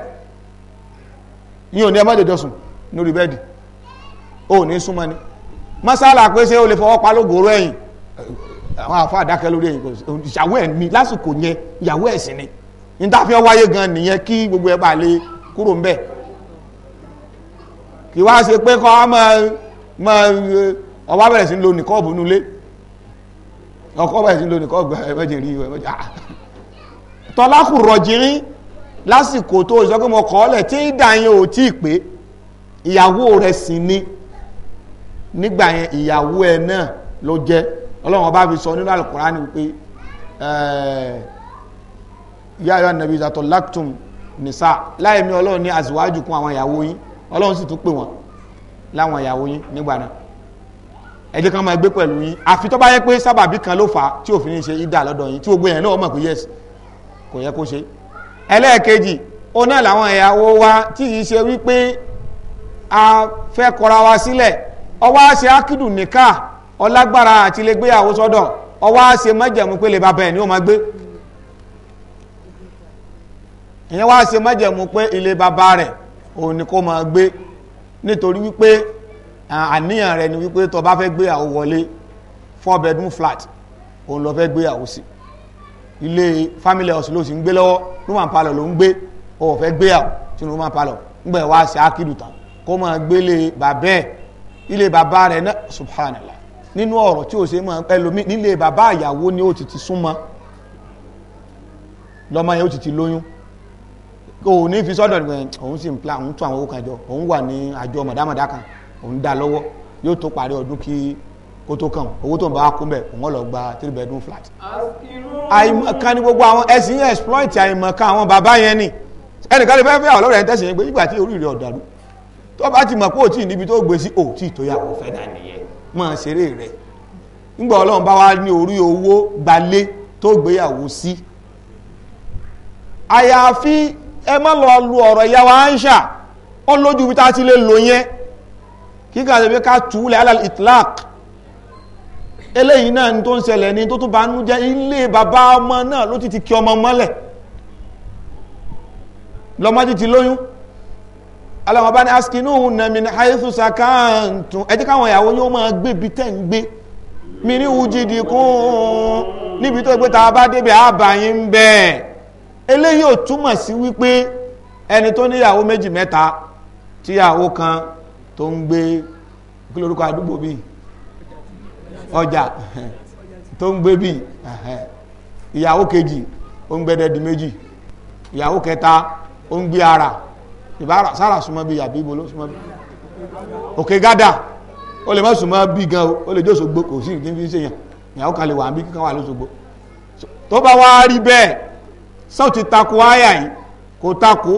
ni ò ní ẹ má dẹjọ sùn lórí bẹ́ẹ̀dì ó ní súnmọ́ ni masala pé ṣé o lè fọwọ́ pa lógoro ẹ̀yìn àwọn àfa àdákẹ́ lórí ẹ̀yìn ìyàwó ẹ̀ ni lásìkò yẹn ìyàwó ẹ̀ sì ni ní tá a fi wáyé gan nìyẹn kí gbogbo ẹ̀ bá lè kúrò ń bẹ̀ kì wá ṣe pé kọ́ á máa máa wọ́n bá bẹ̀rẹ̀ sí lo nìkọ́ọ̀bù nulé ọkọ̀ bẹ̀rẹ̀ sí lo nìkọ́ọ̀bù ẹ̀mẹ́jì rí ẹ̀mẹ́jì ah. tọ́lákù rọ̀jìrín lásìkò tó sọ pé mo kọ́ ọ́lẹ̀ tí ìdá yẹn ò tí ì pé ìyàwó rẹ̀ sì ni nígbà yẹn ìyàwó ẹ náà ló jẹ́ ọlọ́run ọba fi sọ nínú Al-Qur'ani wípé ya ayọ́ nàbí ìzàtọ̀ lactum nìsà láìmí ọlọ́run ní àzíwájú kún àwọn ìyàwó yín ọlọ́run sì tún pè wọ́n láwọn ìyàwó yín nígbà ẹ jẹ́ ká máa gbé pẹ̀lú yín àfi tó bá yẹ pé sábàbí kan ló fà á tí òfin ṣe ìdá lọ́dọ̀ yín tí gbogbo yẹn náà mọ̀ pé yes kò yẹ kó ṣe ẹlẹ́ẹ̀kejì ó náà làwọn ìyàwó wa tí kì ṣe wípé a fẹ́ kọra wa sílẹ̀ ọwọ́ á ṣe ákìdù nìka ọlágbára àti lè gbéyàwó sọ́dọ̀ ọwọ́ á ṣe májẹ̀mú pé lè bàbá ẹ̀ ni ó máa gbé ìyẹn wá ṣe májẹ̀mú pé ilé bàbá rẹ̀ òun ni kó máa gbé nítorí wípé Ah, àníyàn rẹ ni wípé tó bá fẹ́ gbéyàwó wọlé four bedroom flat òun lọ fẹ́ gbéyàwó sí ilé family house ló sì ń gbé lọ́wọ́ room and parlour ló ń gbé ó fẹ́ gbéyàwó sínú room and parlour ńgbẹ̀ wá sí akídùtà kó máa gbélé bàbá ilé bàbá rẹ̀ náà subhanallah nínú ọ̀rọ̀ tí ó ṣe máa ẹlòmí nílé bàbá àyàwó ni ó ti ti súnmọ́ lọ́mọ yẹn ó ti ti lóyún kò ní fi sọ́dọ̀ òun sì ń pla òun tún àwọn owó kan jọ òun wà ní àjọ mọ̀dámọ̀dá kan òun dá lọ́wọ́ yóò tó parí ọdún kí kó tó kàn owó tó ń bá wá kún bẹ̀ òun lọ gba three bedroom flat. àìmọ̀kan ni gbogbo àwọn ẹ̀sìn yẹn exploit àìmọ̀kan àwọn bàbá yẹn ni ẹnìkan fẹ́ fẹ́ ẹ̀ tẹ̀sìn yẹn nígbà tí orí rẹ̀ ọ̀dàlú tó bá ti mọ̀ pé òtí níbi tó gbé sí òtí tó yà kó fẹ́ ṣeré rẹ̀ ọlọ́run bá wá ní orí owó kíkà ṣe pé ká túlẹ̀ alal itlaq eléyìí náà ní tó ń ṣẹlẹ̀ ní tó tún bá ń jẹ́ ilé bàbá ọmọ náà ló ti ti kí ọmọ mọ́lẹ̀ lọ́mọ ti ti lóyún aláwọ̀ bá ní askinu namin haithu sakantu ẹ jẹ́ káwọn ìyàwó yóò máa gbé bí tẹ́ ń gbé mi ní ujidi kún níbi tó gbé ta bá débi àbáyín ń bẹ́ẹ̀ eléyìí ò túmọ̀ sí wípé ẹni tó níyàwó méjì mẹ́ta tíyàwó kan tó ń gbé kí lórúkọ àdúgbò bí ọjà tó ń gbé bí ìyàwó kejì ó ń gbẹ́dẹ̀ di méjì ìyàwó kẹta ó ń gbé ara ìbára sára súnmọ́ bí àbí ibo ló súnmọ́ bí òkè gádà ó lè má súnmọ́ bí gan ó lè jóṣogbo kò sí ìdí fi ń ṣèyàn ìyàwó kan lè wà bí kíkan wà lóṣogbo tó bá wá rí bẹ́ẹ̀ sọ́ọ̀tì takò áyà yìí kò takò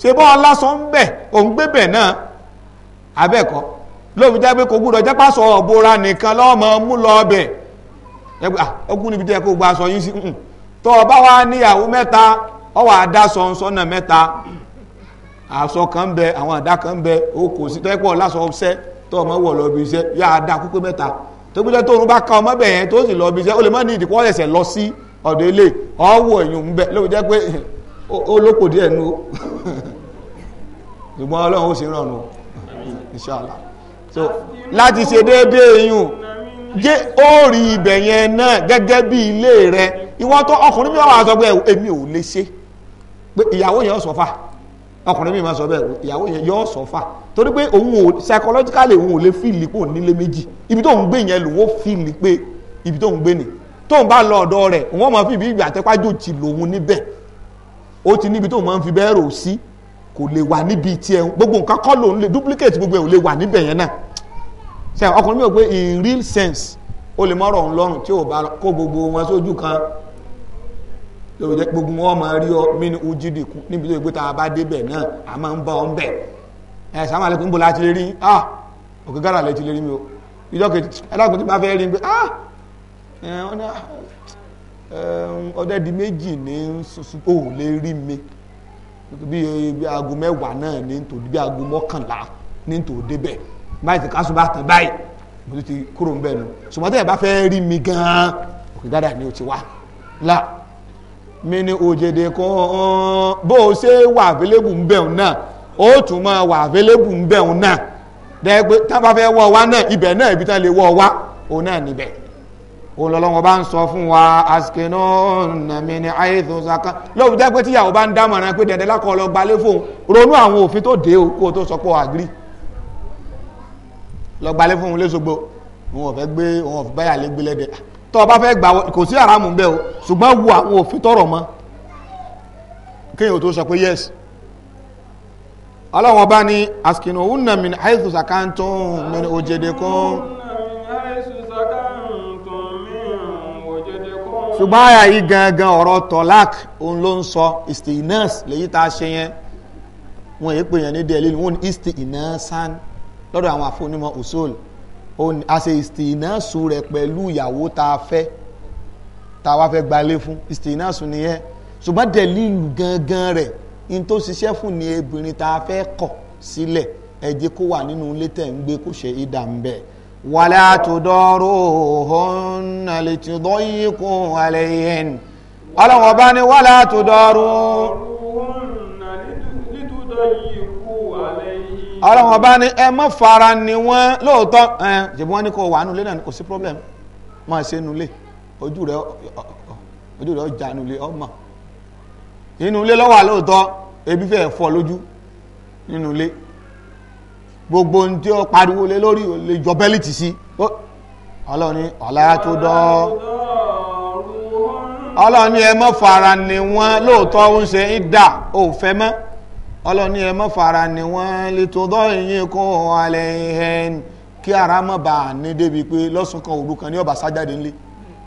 ṣe bọ́ ọ lásán ń òun gbé bẹ̀ náà abẹ́ẹ̀kọ́ lóòfin jẹ́ pé kò gbúdọ̀ jẹ́ pàṣọ ọ̀bọ̀ra nìkan lọ́mọ mú lọ ọbẹ̀ ogun níbi tí ẹ kó gba aṣọ yín sí tó o bá wá níyàwó mẹ́ta ọ wà á dá sọ̀nsọ́nà mẹ́ta aṣọ kan bẹ àwọn àdá kan bẹ o kò sí tẹ́pọ̀ lásọ ọṣẹ́ tó o wọ̀ lọ ibi iṣẹ́ yá a dá mẹ́ta tó gbúdọ̀ tó o bá ka ọmọ bẹ̀ tó sì lọ ibi iṣẹ́ o lè má ní ìdíkọ́ ẹ̀sẹ̀ lọ sí ọ̀dọ̀ ilé ọwọ́ ń bẹ jẹ́ pé ṣùgbọ́n ọlọ́run ó rọrùn inshallah so láti ṣe déédéé yùn jẹ́ ó rí ibẹ̀ yẹn náà gẹ́gẹ́ bí ilé rẹ ìwọ́n tó ọkùnrin mi wà sọ pé èmi ò lè ṣe pé ìyàwó yẹn sọ fà ọkùnrin mi máa sọ bẹ́ẹ̀ ìyàwó yẹn yọ sọ fà torí pé òun ò psychologically òun ò lè fíìlì pò nílé méjì ibi tó ń gbé yẹn lòun ó fíìlì pé ibi tó ń gbé ni tó ń bá lọ ọ̀dọ̀ rẹ̀ wọ́n máa fi ibi ìgbà àtẹ́pájò jì lòun níbẹ̀ ó ti níbi tó máa ń fi bẹ́ẹ̀ rò sí kò lè wà níbi tiẹ̀ gbogbo nǹkan kọ́ ló ń lè duplicate gbogbo ẹ̀ ò lè wà níbẹ̀ yẹn náà ṣe ọkùnrin mi ò pé in real sense ó lè mọ́rọ̀ òun lọ́rùn tí ò bá kó gbogbo wọn sójú kan lórí jẹ́ gbogbo wọn máa rí ọ mí ní ojúdì kú níbi tó yẹ pé tá a bá débẹ̀ náà a máa ń bá ọ ń bẹ̀ ẹ sàmà lẹ́kùn níbo la ti lè rí ah òkè gàrà lẹ́ ti lè rí mi o ìjọ kejì ẹlẹ́kùn tí bá fẹ́ rí mi ah, ah ọdẹ di méjì ní o lè rí mi bí bí aago mẹ́wàá náà ní tò bí aago mọ́kànlá ní tò débẹ̀ báyìí ti kásùn bá tán báyìí mo ti kúrò ń bẹ̀ nu ṣùgbọ́n tẹ́lẹ̀ bá fẹ́ rí mi gan-an òkè gádà ni o ti wá la mi ni òjèdè kan bó o ṣe wà available ń bẹ̀rù náà ó tún máa wà available ń bẹ̀rù náà dẹ́gbẹ́ tá a bá fẹ́ wọ́ ọ wá náà ibẹ̀ náà ibi tá a lè wọ́ ọ wá òun náà níbẹ̀ olùlọ́wọ́ bá ń sọ fún wa asikinu nàmi ni àyètò saka lóòótọ́ jẹ́ pé tíyàwó bá ń dámọ̀ràn pé dẹ̀dẹ̀ lákọ̀ lọ gbalé fóun ronú àwọn òfin tó dé o kó o tó sọ pé o àgírí lọ gbalé fóun lẹ́sọ̀gbọ́ wọn ò fẹ́ gbé wọn ò fẹ́ báyà lé gbé lẹ́dẹ̀ tó o bá fẹ́ gbà kò sí àràmù bẹ́ẹ̀ o ṣùgbọ́n wo àwọn òfin tọrọ mọ́ kéèyàn tó sọ pé yẹ́sì ọlọ́wọ́n bá ní asikinu nàmi ni àyètò saka ń tún mẹ́rin òjèdè kan. ṣùgbọ́n àyà yìí gangan ọ̀rọ̀ tọ́lák òun ló ń sọ istinas lèyí tá a ṣe yẹn wọn èyí pè yẹn ní díẹ̀ lílu wọn istinasan lọ́dọ̀ àwọn àfọnímọ̀ usul a ṣe istinasu rẹ̀ pẹ̀lú ìyàwó tá a fẹ́ tá a wá fẹ́ gbalé fún istinasu nìyẹn ṣùgbọ́n dẹ̀lílù gangan rẹ̀ in tó ṣiṣẹ́ fún ni obìnrin tá a fẹ́ kọ̀ sílẹ̀ ẹ̀jẹ̀ kó wà nínú ilé tẹ̀ ń gbé kó ṣe ìdá ń bẹ́ẹ̀ ولا تداروهن لتضيقوا عليهن ọlọ́run ọba ni ولا تداروهن لتضيقوا عليهن ọlọ́run ọba ni ẹ má fara ni wọ́n lóòótọ́ ẹ̀ jẹ̀bú wọn ní kò wà nulẹ̀ náà kò sí problem máa ṣe nulẹ̀ ojú rẹ̀ ojú rẹ̀ ọjà nulẹ̀ ọmọ inú ilé lọ́wọ́ àlóòótọ́ ebi fẹ́ fọ́ lójú nínú ilé gbogbo ohun tí ó pariwo lé lórí ò lè jọ bẹ́lìtì sí ọlọ́run ní ọ̀la tó dọ́ ọlọ́run ní ẹ má fara ni wọ́n lóòótọ́ ó ń ṣe ìdá òfẹ́ mọ́ ọlọ́run ní ẹ má fara ni wọ́n lè tó dọ́ ìyín kó alẹ́ ẹni kí ara mọ̀ bá a ní débi pé lọ́sùn kan òru kan ní ọba sájáde ńlẹ̀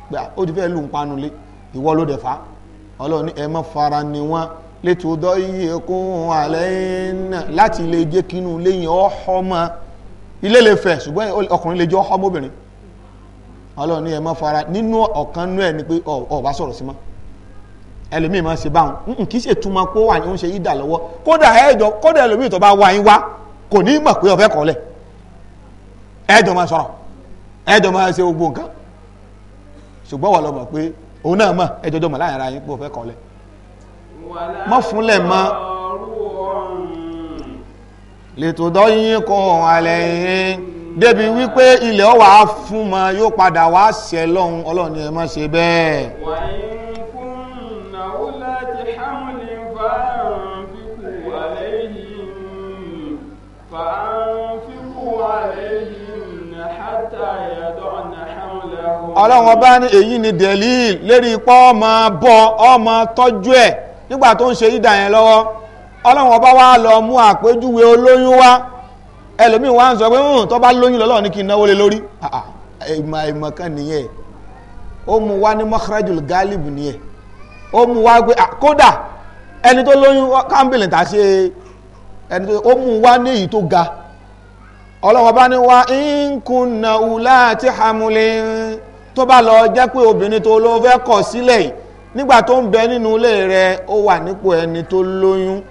pé ó ti fẹ́ lù ń panu lé ìwọ ló dẹ̀ fà ọlọ́run ẹ má fara ni wọ́n létòdọ́ iye kún alẹ́ náà láti lè jẹ́ kínú léyìn ọ̀họ́mọ ilé lè fẹ̀ ṣùgbọ́n ọkùnrin lè jẹ́ ọ̀họ́mọ obìnrin ọlọ́run ní ẹ má fara nínú ọ̀kan nú ẹ̀ ni pé ọ̀ bá sọ̀rọ̀ sí mọ́ ẹlòmíì máa ṣe báwọn kì í ṣe túmọ̀ pé wà ní ó ń ṣe ìdà lọ́wọ́ kódà ẹ̀jọ̀ kódà ẹlòmíì tó bá wá yín wá kò ní mọ̀ pé ọ̀fẹ́ kọ́lẹ̀ ẹ̀jọ̀ máa sọ̀rọ̀ ẹ̀jọ̀ máa ṣe gbogbo nǹkan ṣùgbọ́n wà lọ mọ̀ pé òun náà mọ̀ ẹ̀jọ̀ jọmọ̀ láyàrá yín pé ọ̀fẹ́ kọ́lẹ̀ mọ́ fúnlẹ̀ mọ́ lè tó dọ́ yín kọ́ alẹ́ débi wípé ilẹ̀ ọwà fún mọ́ yóò padà wá ṣẹ lọ́hun ọlọ́ni ẹ má ṣe bẹ́ẹ̀ ọlọ́run ọba ní èyí ni dẹ̀lí lérí ipọ́ ọmọ bọ́ ọmọ tọ́jú ẹ̀ nígbà tó ń ṣe ìdà yẹn lọ́wọ́ ọlọ́run ọba wa lọ mú àpéjúwe olóyún wá ẹlòmíì wá ń sọ pé hùn tó bá lóyún lọ́lọ́ ní kí n náwó lé lórí ìmọ̀ ìmọ̀ kan nìyẹn ó mú wá ní mọ́kàrájùl gálíbù nìyẹn ó mú wá pé kódà ẹni tó lóyún kámbìlì tà ṣe ẹni tó mú wá ní èyí tó ga ọlọ́run ọba ní wá ń kùnà láti hàmúlẹ̀ tó bá lọ jẹ́ pé obìnrin tó ló fẹ́ kọ̀ sílẹ̀ yìí nígbà tó ń bẹ nínú ilé rẹ ó wà nípò ẹni tó lóyún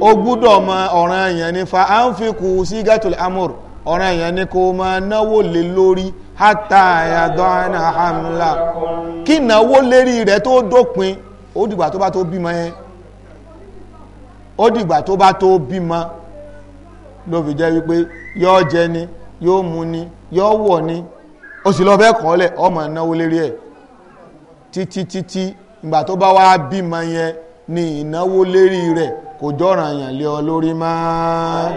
o gbúdọ̀ mọ ọ̀ràn èèyàn ní fa à ń fi kù sí gẹ́tùlẹ̀ amúr ọ̀ràn èèyàn ní kó mọ náwó lé lórí hátà àyàdọ́ àná hamla kí náwó lérí rẹ tó dópin ó dìgbà tó bá tó bímọ yẹn ó dìgbà tó bá tó bímọ ló fi jẹ́ wípé jẹ ni yóò mu ni yóò wọ̀ ni ó sì lọ fẹ́ kàn lẹ̀ ọmọ náwó lérí ẹ̀ títí títí ìgbà tó bá wá bímọ yẹn ni ìnáwó lérí rẹ̀ kò jọ́ràn yàn lé ọ lórí máa.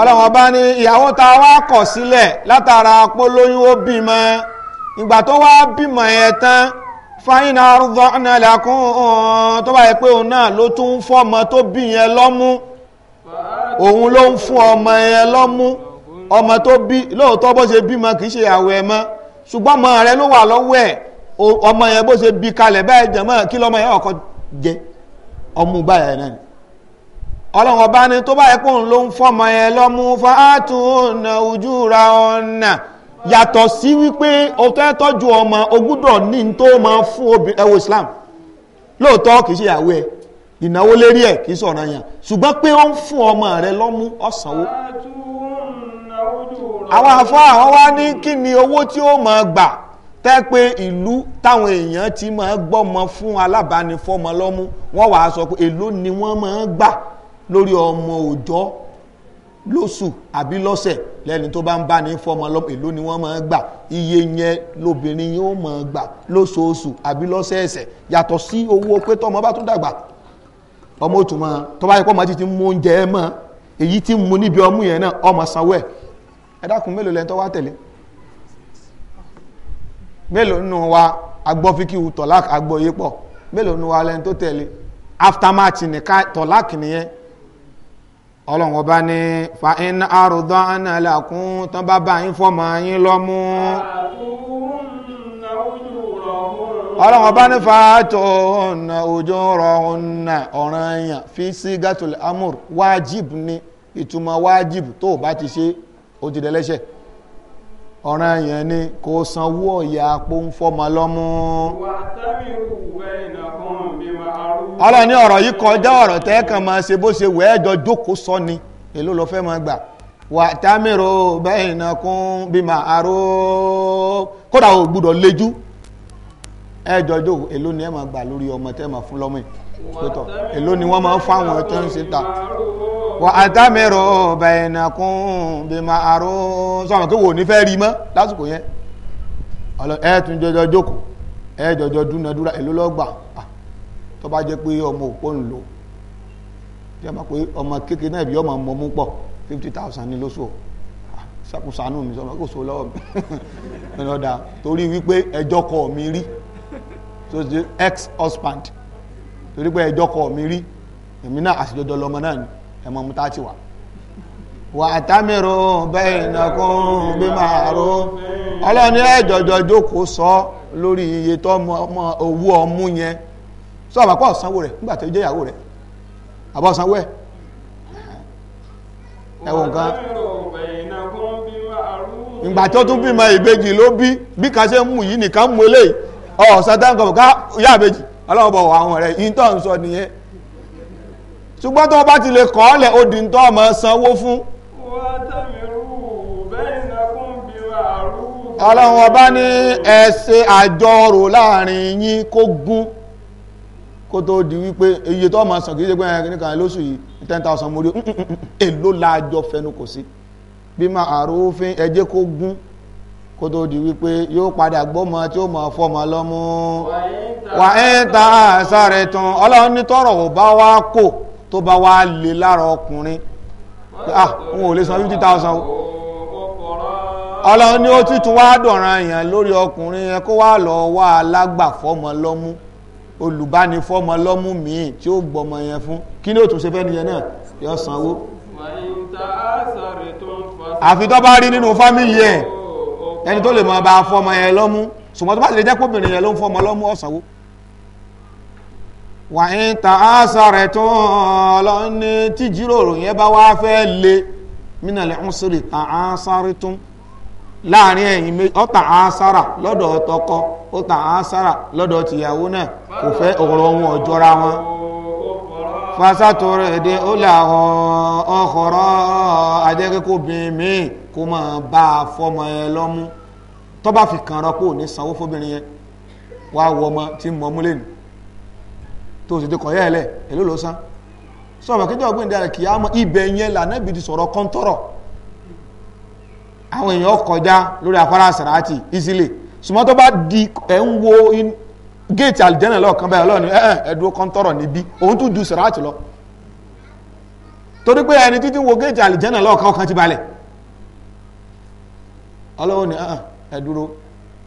ọlọ́run ọba ní ìyàwó ta wá kọ̀ sílẹ̀ látara polóyún ó bímọ ìgbà tó wá bímọ yẹn tán fáyínà arúgbọ́n náà làkún tó bá yẹ pé òun náà ló tún fọ́mọ tó bí yẹn lọ́mú òun ló ń fún ọmọ ẹ lọ́mú ọmọ tó bí lóòótọ́ bó ṣe bímọ kì í ṣe àwọ̀ ẹ̀ ṣùgbọ́n ọmọ rẹ ló wà lọ́wọ́ ẹ̀ ọmọ yẹn bó ṣe bí kalẹ̀ báyìí jẹ̀mọ́ kí lọ́mọ yẹn ọkọ jẹ ọmú báyìí náà ni ọlọ́run ọba ni tó báyìí pòun ló fọmọ yẹn lọ́mú fún àtúnà ojú ra ọ̀nà yàtọ̀ sí wípé o ìnáwó lérí ẹ̀ kì í sọ̀rọ̀ yàn ṣùgbọ́n pé ó ń fún ọmọ rẹ lọ́mú ọ̀sánwó àwọn àfáà wọ́n wá ní kí ni owó tí ó máa gbà tẹ́ pé ìlú táwọn èèyàn ti máa gbọ́mọ fún alábánifọ́mọ lọ́mú wọ́n wàá sọ pé èló ni wọ́n máa gbà lórí ọmọ òòjọ́ lóṣù àbí lọ́sẹ̀ lẹ́ni tó bá ń bá ní fọ́mọ lọ́mọ èló ni wọ́n máa gbà iye yẹn lóbìnrin yóò máa gbà lóṣooṣù àbí lọ́sẹ̀ẹ̀sẹ̀ yàtọ̀ sí owó pé tọmọ bá tún dàgbà ọmọ otu ma tó bá yẹ kó ti títí mú oúnjẹ ẹ mọ́ èyí tí níbi ọmú yẹn náà ọmọ sanwó ẹ dákun mélòó lẹ́ni wá tẹ̀lé mélòó nù wa agbọ́ fíkìwù tọ̀lák pọ̀ mélòó nù tẹ̀lé aftermath nìkan nìyẹn ọlọ́run ọba fa tán bá bá yín yín lọ́mú. ọlọ́run ọba ní fàátọ̀ ọ̀nà òjò rọ ọ̀nà ọ̀ràn èèyàn fi sí gátòlì amúr wájib ni ìtumọ̀ wájib tó bá ti ṣe ó ti dẹlẹ́ṣẹ̀ ọ̀ràn èèyàn ni kò sanwó ọ̀yà apó ń fọ́mọ lọ́mú. ọlọ́run ní ọ̀rọ̀ yìí kọjá ọ̀rọ̀ tẹ́ẹ̀kan máa ṣe bó ṣe wẹ́ẹ́ jọ jókòó sọ ni èló ló fẹ́ máa gbà wà támìrò bẹ́ẹ̀ ìnàkún bí màá kódà ò gbúdọ̀ ẹjọjọ ìjọ ni ẹ máa gbà lórí ọmọ tẹ́ máa fún lọ́mọ ìpótọ̀ ni wọn máa ń fáwọn tó ń síta wà àtàmẹ́rọ bẹ̀ẹ̀nàkún bí máa àrùn sọmọ kí wò ní fẹ́ rí mọ́ lásìkò yẹn ẹ̀ẹ́tún jọjọ jókòó ẹ̀ẹ́jọjọ dúnadúrà èló lọ́gbà tó bá jẹ́ ọmọ òpó ń lò ọmọ kékeré náà ibi ọmọ fifty thousand lóṣù kò so mi torí so ti ex husband torí pé ẹjọ́ kọ mi rí èmi náà àṣìjọjọ ọmọ náà ni mú tá ti wà wà àtàmìrò bẹ́ẹ̀ ìnàkún bí máa ró ọlọ́ni ẹjọjọ jókòó sọ lórí iye tó ọmọ owó ọmú yẹn sọ àbápọ̀ sanwó rẹ̀ nígbà tó jẹ́ ìyàwó rẹ̀ àbọ̀ sanwó ẹ̀ ẹ̀wọ̀n kan ìgbà tó tún bímọ ìbejì ló bí bí kan ṣe ń ọ̀sán táǹkọ̀ ká yá àbejì ọlọ́run bọ̀ àwọn rẹ̀ yìí tó ń sọ nìyẹn ṣùgbọ́n tó bá ti lè kọ́ ọ́lẹ̀ ó di tó ọmọ sanwó fún. ọlọ́run ọba ní ẹ ṣe àjọrò láàrin yín kó gún kó tó di wípé iye tó ọmọ sàn kìí ṣe pé ẹ̀yìn kìnnìkan lóṣù yìí ten thousand mo rí mm, mm, mm, èló la jọ fẹnu kò sí bí máa àròfin ẹ jẹ́ kó gún kó tó di wípé yóò padà gbọ́mọ tí ó mọ̀ fọ́mọ lọ́mú wà ń ta sáré tán ọlọ́run ní tọ́rọ̀ ò bá wá kò tó bá wá lè lára ọkùnrin ah n ò lè san fifty thousand o ọlọ́run ní ó títún wá dọ̀ran èèyàn lórí ọkùnrin yẹn kó wá lọ wá alágbàfọ́mọ lọ́mú olùbánifọ́mọ lọ́mú míì tí ó gbọ́mọ yẹn fún kí ni ó tún ṣe fẹ́ nìyẹn náà yọ sanwó àfi tó bá rí nínú fámìlì yẹn ẹni tó lè mọ bá fọmọ yẹn lọ́mú ṣùgbọ́n tó bá lè jẹ́ obìnrin yẹn ló ń fọmọ lọ́mú ọ̀sánwó. wà ń ta àṣà rẹ̀ tó ọlọ́ni tí jíròrò yẹn bá wá fẹ́ le mínàlẹ̀ ń sèrè ta àṣà rẹ̀ tó láàrin ẹ̀yìn méjì ta àṣàrà lọ́dọ̀ ọ̀ ta lọ́dọ̀ tìyàwó náà kò fẹ́ ọ̀rọ̀ wọn fasátòrò èdè ó làwọ̀ ọkọ̀rọ̀ ajẹ́kẹ́kọ̀ọ́bìnrin míì kó máa bá a fọmọ ẹ lọ́mú tó bá fi kàn rọ pé ò ní sanwó fóbìnrin yẹn wá wọ ọmọ tí mọ múlẹ̀ nù tó o sì ti kọ̀yẹ́ ẹ̀ lẹ̀ èló ló san sọ̀rọ̀ kíjọ́ ọgbìn dára kìí àmọ́ ibẹ̀ yẹn lànàbì ti sọ̀rọ̀ kọ́ńtọ́rọ̀ àwọn èèyàn kọjá lórí afárá sàràtì ìsìlẹ̀ sùmọ́ bá di ẹ̀ ń wo géètì àlìjẹ́nà lọ́ọ̀kan báyìí ọlọ́ọ̀ni ẹ̀ẹ́ ẹ̀dúró kan tọrọ níbí òun tún ju sẹ̀ráàtì lọ torí pé ẹni títí wo géètì àlìjẹ́nà lọ́ọ̀kan ọkàn ti balẹ̀ ọlọ́ọ̀ni ẹ̀ẹ́ ẹ̀dúró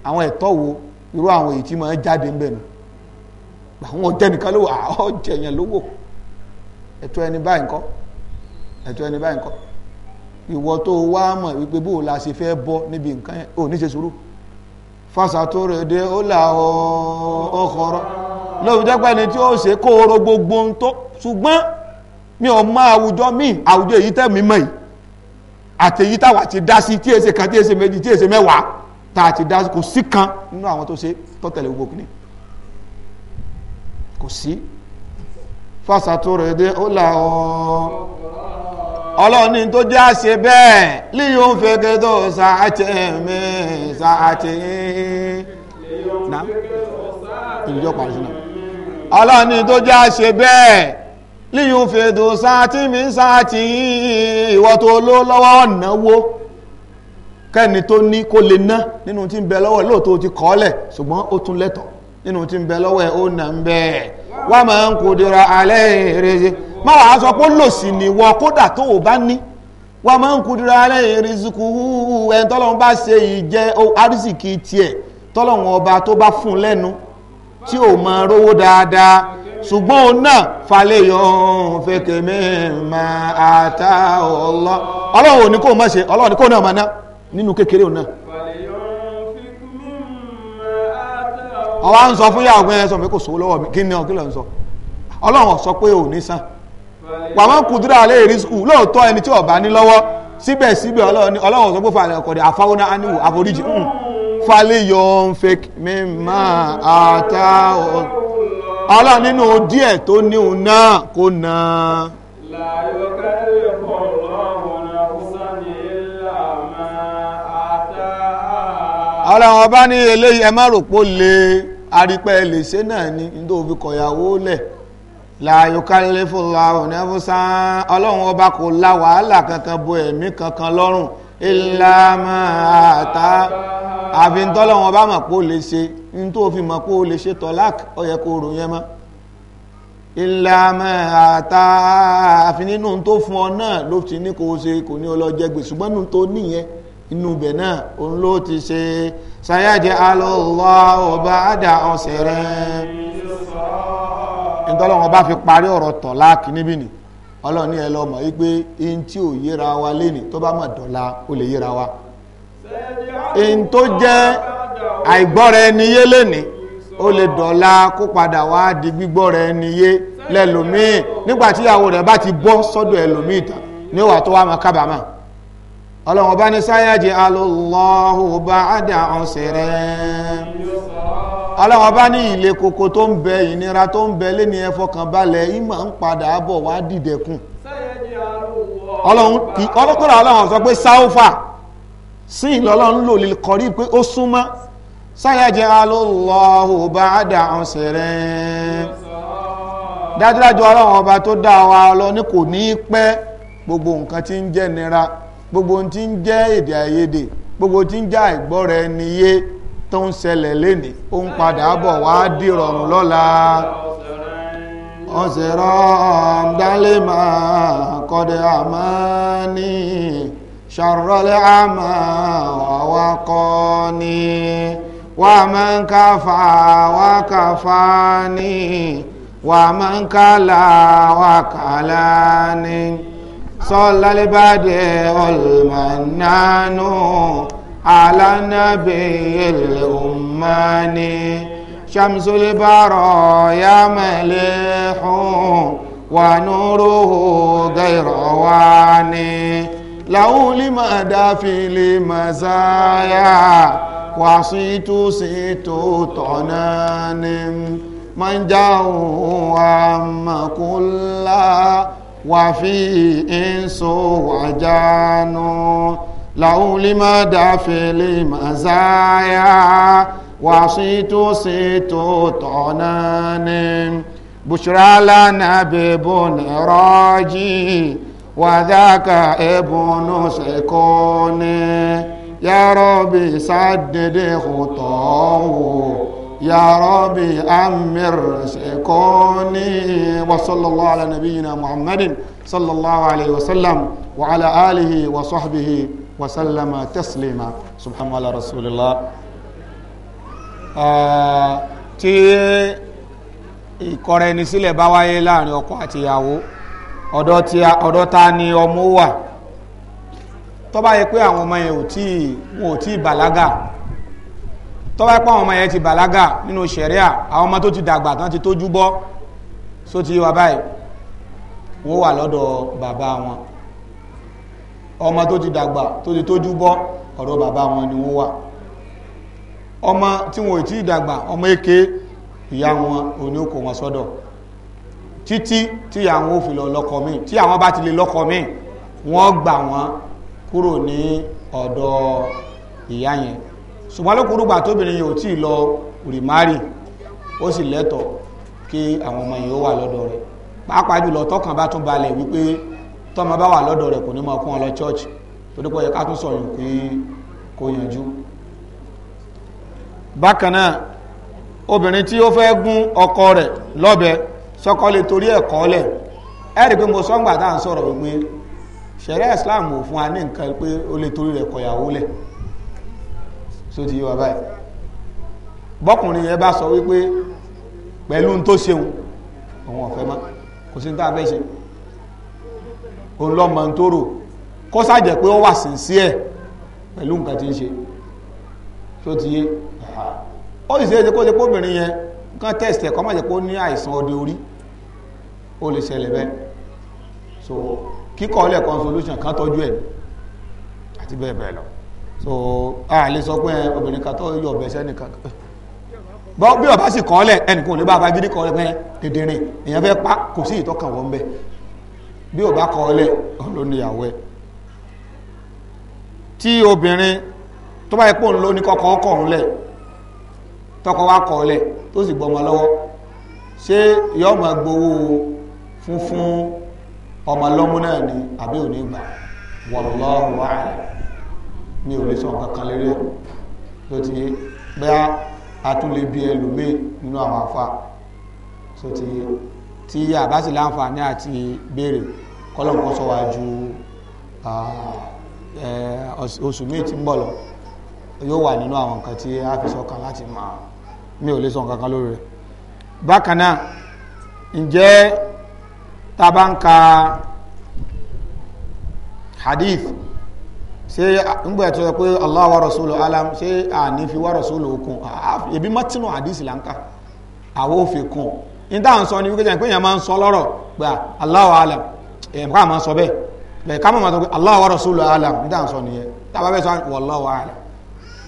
àwọn ẹ̀tọ́ wo irú àwọn èyí tí máa jáde ń bẹ̀nu àwọn ọ̀jẹ̀ nìkan lówó ah, ọ̀jẹ̀ yẹn lówó ẹ̀tọ́ ẹni báyìí ńkọ́ ẹ̀tọ́ ẹni báyìí ńkọ́ ìwọ tó wá mọ̀ wípé bó o la ṣe fẹ́ bọ́ níbi nǹkan yẹn ò ní ṣe sùúrù fásatúrédé ó làwọ̀ ọkọ̀rọ̀ lóòrùn jẹ́ pẹ́ni tí ó ṣe kó oró gbogbo ohun tó ṣùgbọ́n mi ò mọ àwùjọ míì àwùjọ èyí tẹ̀mí mọ́ yìí àti èyí táwa ti dá sí tí èsè kan tí èsè méjì tí èsè mẹ́wàá tá a ti dá sí kò sí kan nínú àwọn tó ṣe tó tẹ̀lé gbogbo kìíní kò sí fásatúrédé ó làwọ̀ ọkọ̀rọ̀ ọlọ́run ní tó jẹ́ àṣẹ bẹ́ẹ̀ líyò ń fẹ́kẹ́ tó sàáṣẹ mi sàáṣẹ náà ìjọ pàṣẹ náà ọlọ́run ní tó jẹ́ àṣẹ bẹ́ẹ̀ líyò ń fẹ́ tó sàáṣẹ mi sàáṣẹ ìwọ tó ló lọ́wọ́ náwó kẹ́ni tó ní kó lè ná nínú tí ń bẹ lọ́wọ́ lóòótọ́ ti kọ́ lẹ̀ ṣùgbọ́n ó tún lẹ́tọ̀ nínú tí ń bẹ lọ́wọ́ ẹ̀ ó nà ń bẹ́ẹ̀ Wa ma ń kòdìrà alẹ́ ìrẹ́sẹ̀ má wàá sọ pé lòsì ni wọ́n kódà tó o bá ní wọ́n máa ń kòdìrà alẹ́ ìrẹ́sìkú ẹni tọ́lọ́run bá ṣe ìjẹ́ arísìkì tiẹ̀ tọ́lọ́run ọba tó bá fún lẹ́nu tí ò máa rówó dáadáa ṣùgbọ́n náà falẹ̀ yọ̀ọ́n mẹ́ẹ̀mà àtà ọlọ́ ọlọ́run ò o má ṣe ọlọ́run o náà máa ná nínú ọwọ́ à ń sọ fún yàwó ẹ sọ lọ́wọ́ kí ni ọ lọ sọ ọlọ́run sọ pé ò ní san wàmọ́ kùdúrà alẹ́ ìrísíkù lóòótọ́ ẹni tí ó ní lọ́wọ́ síbẹ̀síbẹ̀ ọlọ́run sọ pé fàlẹ̀ ọkọ̀dẹ̀ àfáwọnà ánìwò àforíjì falẹ̀ yọ̀ọ́n fake mímọ́ àtà ọlọ́run nínú díẹ̀ tó níhun náà kó náà. ọlọ́run ọba ní eléyìí ẹ má rò pó lè arípẹ́ lè ṣe náà ní tó fi kọ̀yàwó lẹ̀ ọlọ́run ọba kò la wàhálà kankan bo ẹ̀mí kankan lọ́rùn ìlàmà àtà àfi tọ́lọ́run ọba mọ̀ pó lè ṣe ní tó fi mọ̀ pó lè ṣe tọ́lák ọyẹ kó rò yẹn mọ́ àfi nínú tó fún ọ náà ló inú ibẹ̀ náà òun ló ti ṣe sayájẹ́ alọ́lá ọba àdá ọ̀sẹ̀ rẹ̀ ìtọ́lọ́wọ́n bá fi parí ọ̀rọ̀ tọ̀ láàkì níbí ni ọlọ́ni ẹ lọ́mọ̀ wípé in tí ò yíra wa lénìí tó bá mọ̀ dọ̀la ó lè yíra wa in tó jẹ́ àìgbọ́ra ẹni yé lénìí ó lè dọ̀la kó padà wá di gbígbọ́ra ẹni yé lẹ́lòmíì nígbàtí ìyàwó rẹ̀ bá ti bọ́ sọ́dọ̀ ẹlòmíì tán ní wà tó wá máa kábàámà ọlọ́run ọba ní sáyájì alọ́lọ́hùn bá àdà ọ̀sẹ̀rẹ̀ ọlọ́run ọba ní ilé koko tó ń bẹ ìnira tó ń bẹ lẹ́ni ẹfọkànbalẹ̀ ìmọ̀ ń padà bọ̀ wá dìdẹ̀kùn ọlọ́kọ̀ọ́lọ́ ọlọ́run sọ pé sáúfà sí ìlọ́lọ́run lò lè kọrí pé ó súnmọ́ sáyájì bá dájúdájú ọlọ́run ọba tó dá wa lọ kò ní pẹ́ gbogbo nǹkan ti ń nira gbogbo ohun tí ń jẹ́ èdè àìyedè gbogbo tí ń jẹ́ àìgbọ́ra ẹni yé tó ń ṣẹlẹ̀ lénìí ó ń padà bọ̀ wá dìrọ̀rùn lọ́la ọ̀sẹ̀rọ̀ ọ̀dálẹ́mà kọ́dẹ̀ àmà ní ṣàrọ̀lẹ́ àmà ọ̀wákọ́ ní wà máa ń káfà wákàfà ní wà máa ń kálà wákàlá ní. صلى البديع المنان على النبي الأماني شمس البرايا مليح ونوره غير واني له لمدى في المزايا وصيت سيت طنان من جاء وعم كلا وفيه إنس وجان له لمدى في المزايا وصيت صيت طنان بشرى لنا بابن راجي وذاك ابن سكون يا ربي سدد خطاه يا ربي أمر سيكوني وصلى الله على نبينا محمد صلى الله عليه وسلم وعلى آله وصحبه وسلم تسليما سبحان الله رسول الله tí ìkọrẹ ẹni sílẹ̀ bá wáyé láàrin ọkọ àti ìyàwó ọ̀dọ̀ ta ni ọmọ wà tó bá yẹ pé àwọn ọmọ yẹn ò tí wọn ò tí bàlágà tó bá pọ̀ àwọn ọmọ yẹn ti bàlágà nínú ṣẹ̀ríà àwọn ọmọ tó ti dàgbà tán ti tójú bọ́ só ti wà báyìí wọ́n wà lọ́dọ̀ bàbá wọn ọmọ tó ti dàgbà tó ti tójú bọ́ ọ̀dọ̀ bàbá wọn ni wọ́n wà ọmọ tí wọn ò tí ì dàgbà ọmọ èké ìyá wọn ò ní kó wọn sọ́dọ̀ títí tí àwọn ò fi lọ tí àwọn bá ti lè lọ́kọ míì wọ́n gbà wọ́n kúrò ní ọ̀dọ̀ ìyá yẹn ṣùgbọ́n lókùrúgbà tóbìnrin yóò tí lọ rìmárì ó sì lẹ́tọ̀ọ́ kí àwọn ọmọ yìí ó wà lọ́dọ̀ rẹ̀ pàápàá jùlọ tọkàn bá tún balẹ̀ wípé tọmọ bá wà lọ́dọ̀ rẹ̀ kò ní máa kún ọ lọ chọ́ọ̀chì tó dípò yẹ ká tún sọ̀yìn pé kò yanjú. bákan náà obìnrin tí ó fẹ́ gún ọkọ rẹ̀ lọ́bẹ sọkọ lè torí ẹ̀ kọ́lẹ̀ ẹ rí i pé mo sọ́ngbà tá à ń sọ̀rọ̀ wípé ṣẹ̀rẹ́ Islam ò fún wa ní nǹkan pé ó lè torí rẹ̀ kọ̀yàwó lẹ̀ so ti yé wa báyìí bọ́kùnrin yẹn bá sọ wípé pẹ̀lú tó ṣeun òun ọ̀fẹ́ mọ́ kò sí tá a fẹ́ ṣe òun lọ mọ̀ tó rò kó sàjẹ́ pé ó wà sincere pẹ̀lú nǹkan tí ń ṣe so ti yé ó sì ṣeéṣe kó ṣe kóbìnrin yẹn kán test ẹ̀kọ́ má jẹ́ kó ní àìsàn ọdẹ orí ó lè ṣẹlẹ̀ bẹ́ẹ̀ so kíkọ́ ọlẹ́kan solution kan tọ́jú ẹ̀ àti bẹ́ẹ̀ bẹ́ẹ̀ lọ so a lè sọ pé obìnrin kan tó yọ ọ̀bẹ sẹ́nìkan bí ọba sì kọ́ lẹ̀ ẹnìkan ò lè bá bá gidi kọ́ lẹ̀ pé dìndìnrín èèyàn fẹ́ pa kò sí ìtọ́kàn wọn bẹ́ẹ̀ bí ò bá kọ ọlẹ̀ ló níyàwó ẹ̀ tí obìnrin tó bá ipò ńlọ ní kọkọ ọkọ̀rún lẹ̀ tọkọ wá kọ ọlẹ̀ tó sì gbọmọ lọ́wọ́ ṣé yóò máa gbowó funfun ọmọ lọ́mú náà ni àbí òní gbà wallahu a'lam mi ò lè sọ nǹkan kan lérí ti yé bẹ́ẹ̀ a bí ẹlòmíì nínú àwọn afa so ti yé tí àbá láǹfààní àti béèrè kọ́lọ́ǹkọ́ sọ wá ju oṣù míì tí ń bọ̀ lọ yóò wà nínú àwọn nǹkan tí a fi láti mi ò lè sọ nǹkan kan lórí bákan náà ǹjẹ́ bá ń ka hadith ṣé ńgbà tó yẹ pé Allah wa rasulu alam ṣé àní fi wa rasulu okun ebi mọ́tínú àdìsí là ń kà àwọn òfin kun níta ń sọ ni wíkẹ́jà pé èèyàn máa ń sọ lọ́rọ̀ pé Allah wa alam èèyàn ká máa sọ bẹ́ẹ̀ bẹ́ẹ̀ ká máa sọ pé Allah wa rasulu alam níta ń sọ nìyẹn tábà bẹ́ẹ̀ sọ wallahu alam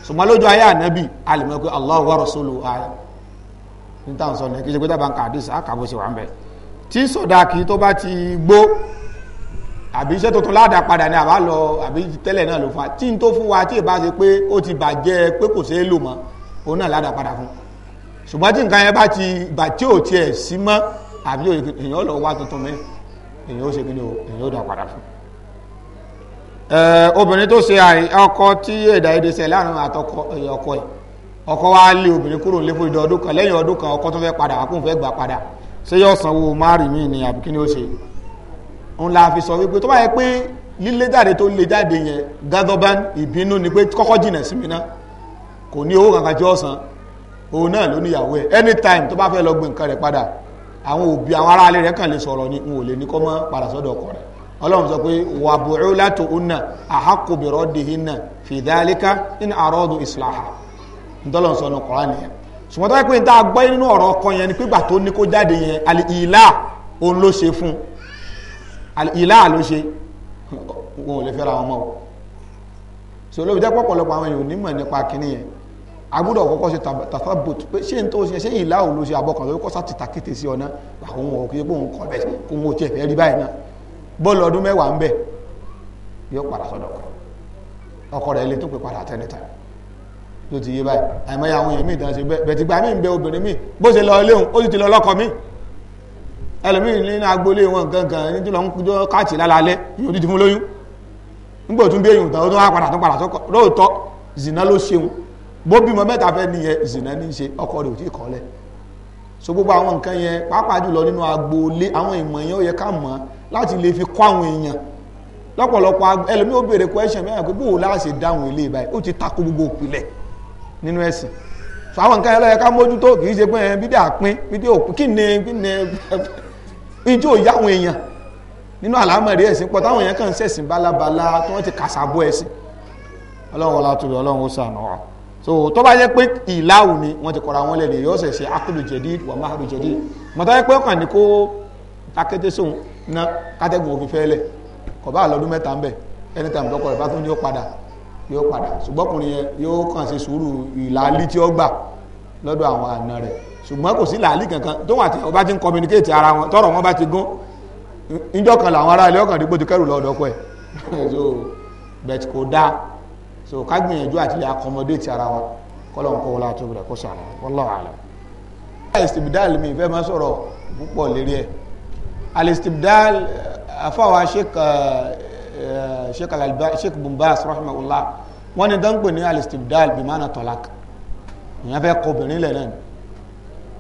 ṣùgbọ́n lójú ayé ànábì alìmọ̀ pé Allah wa rasulu alam níta ń sọ nìyẹn kí ṣe pé tábà ń kà àdìsí àkàbọ̀ṣe wà ń bẹ̀ tí sọ̀dà àbí iṣẹ́ tuntun ládàá padà ni àbá lọ àbí tẹ́lẹ̀ náà ló fa tí n tó fún wa tí ìbá ṣe pé ó ti bàjẹ́ pé kò ṣeé lò mọ́ òun náà ládàá padà fún ṣùgbọ́n tí nǹkan yẹn bá ti bà tí ò tiẹ̀ sí mọ́ àbí èèyàn lọ wá tuntun mi èèyàn ó ṣe kí ni èèyàn ó dà padà fún. obìnrin tó ṣe ọkọ tí èdè èdè ṣe láàrin àtọkọ ọkọ ẹ ọkọ wa lé obìnrin kúrò nílé fún ọdún kan lẹ́yìn ọdún kan ọkọ tó fẹ́ padà wá fẹ́ gbà padà ṣé yóò sanwó márùn-ún mi ni àbí kí ni ó ṣe òun la fi sọ wípé tó bá yẹ pé lílé jáde tó lè jáde yẹn gadoban ìbínú ni pé kọ́kọ́ jìnà sí mi náà kò ní owó kankan jẹ́ ọ̀sán òun náà ló níyàwó ẹ̀ anytime tó bá fẹ́ lọ gbé nǹkan rẹ̀ padà àwọn òbí àwọn aráalé rẹ̀ kàn lè sọ̀rọ̀ ni n ò lè ní kọ́ mọ́ padà sọ́dọ̀ ọkọ rẹ̀ ọlọ́run sọ pé wà bùrú látò àhákòbìrọ̀ fìdálíkà nínú àrọ́dún ìsìláhà ntọ́lọ́run sọ ìlà ló ṣe wọn ò lè fẹ́ra wọn mọ́ o so lóbi jẹ́ pọ̀pọ̀lọpọ̀ àwọn èèyàn onímọ̀ nípa kínní yẹn agbúdọ̀ kọ́kọ́ ṣe tàfàbùt pé ṣé n tó ṣe ṣé ìlà ò ló ṣe àbọ̀kàn lórí kọ́sà ti tàkété sí ọ̀nà àwọn ohun ọ̀kẹ́ bóun kọ́ bẹ̀ kó wọn ò tiẹ̀ fẹ́ rí báyìí náà bọ́ọ̀lù ọdún mẹ́wàá ń bẹ̀ yóò padà sọ́dọ̀ ọkọ ọkọ rẹ̀ lè tó pè padà tẹ́nìtà ló ti yé báyìí àìmọye àwọn èèyàn míì tán ṣe bẹ́ẹ̀ bẹ̀tìgbà míì ń bẹ obìnrin míì bó ṣe lọ ilé òun ó sì ti lọ lọ́kọ míì ẹlòmíì nínú agboolé wọn gangan ní jùlọ ń kújọ káàtì lálálẹ́ yóò dídí fún lóyún nígbò tún bí èyàn tó tó wá padà tó padà sọ́kọ̀ lóòótọ́ zina ló ṣeun bó bímọ mẹ́ta fẹ́ nìyẹn zina ní í ṣe ọkọ rẹ̀ ò tí ì kọ́lẹ̀ so gbogbo àwọn nǹkan yẹn pàápàá jùlọ nínú agboolé àwọn ìmọ̀ yẹn ó yẹ ká mọ̀ láti lè fi kọ́ àwọn èèyàn lọ́pọ̀lọpọ̀ ẹlòmíì ó béèrè question mẹ́rin pé bóòlá ṣe dáhùn ilé ìbáyìí ó ti tako gbogbo òpìlẹ̀ nínú ẹ̀sìn so àwọn nǹkan yẹn ká mójútó kì í ṣe pé bídẹ́ àpín bídẹ́ òpin kí ni kí ni ijó yáwọn èèyàn nínú àlámọ̀rí ẹ̀sìn pọ̀ táwọn èèyàn kàn ń ṣẹ̀sìn bálabàlá tí wọ́n ti kàṣàbọ̀ ẹ̀sìn ọlọ́run ọlá tóbi ọlọ́run ó sànù ọ́ so tó bá jẹ́ pé ìlàwù ni wọ́n ti kọ́ra wọn lẹ́nu yóò ṣẹ̀ṣẹ̀ akulu jadid wà mahadu jadid mọ̀tá jẹ́ pé ọkàn ní kó takété sóhun ná kátẹ́gùn òfin fẹ́lẹ̀ kọ̀ bá lọ́dún mẹ́ta ń bẹ̀ anytime tọkọ rẹ̀ bá tún yóò padà yóò padà ṣùgbọ́kùnrin yẹn yóò kàn ṣe sùúrù ìlàlí tí ó gbà lọ́dọ̀ àwọn àna rẹ̀ ṣùgbọ́n kò sí làálì kankan tó wà tí wọ́n bá ti ń communicate ara wọn tọ́rọ̀ wọn bá ti gún níjọ́ kan làwọn ará ilé ọkàn dípò ti kẹ́rù lọ́dọ̀ ọkọ ẹ̀ so bet kò dáa so ká gbìyànjú àti lè accommodate ara wa kọ́lọ̀ ń kọ́ wọlé àti òbí rẹ̀ kó sàrà wallahu a'lam. alistibdal mi ìfẹ́ máa sọ̀rọ̀ púpọ̀ lérí ẹ̀ alistibdal afáwa sheik eh, eh, sheik Bin Baz rahimahullah wọ́n ní dáńgbò ní alistibdal bí mánà èèyàn fẹ́ kọ obìnrin lẹ̀ náà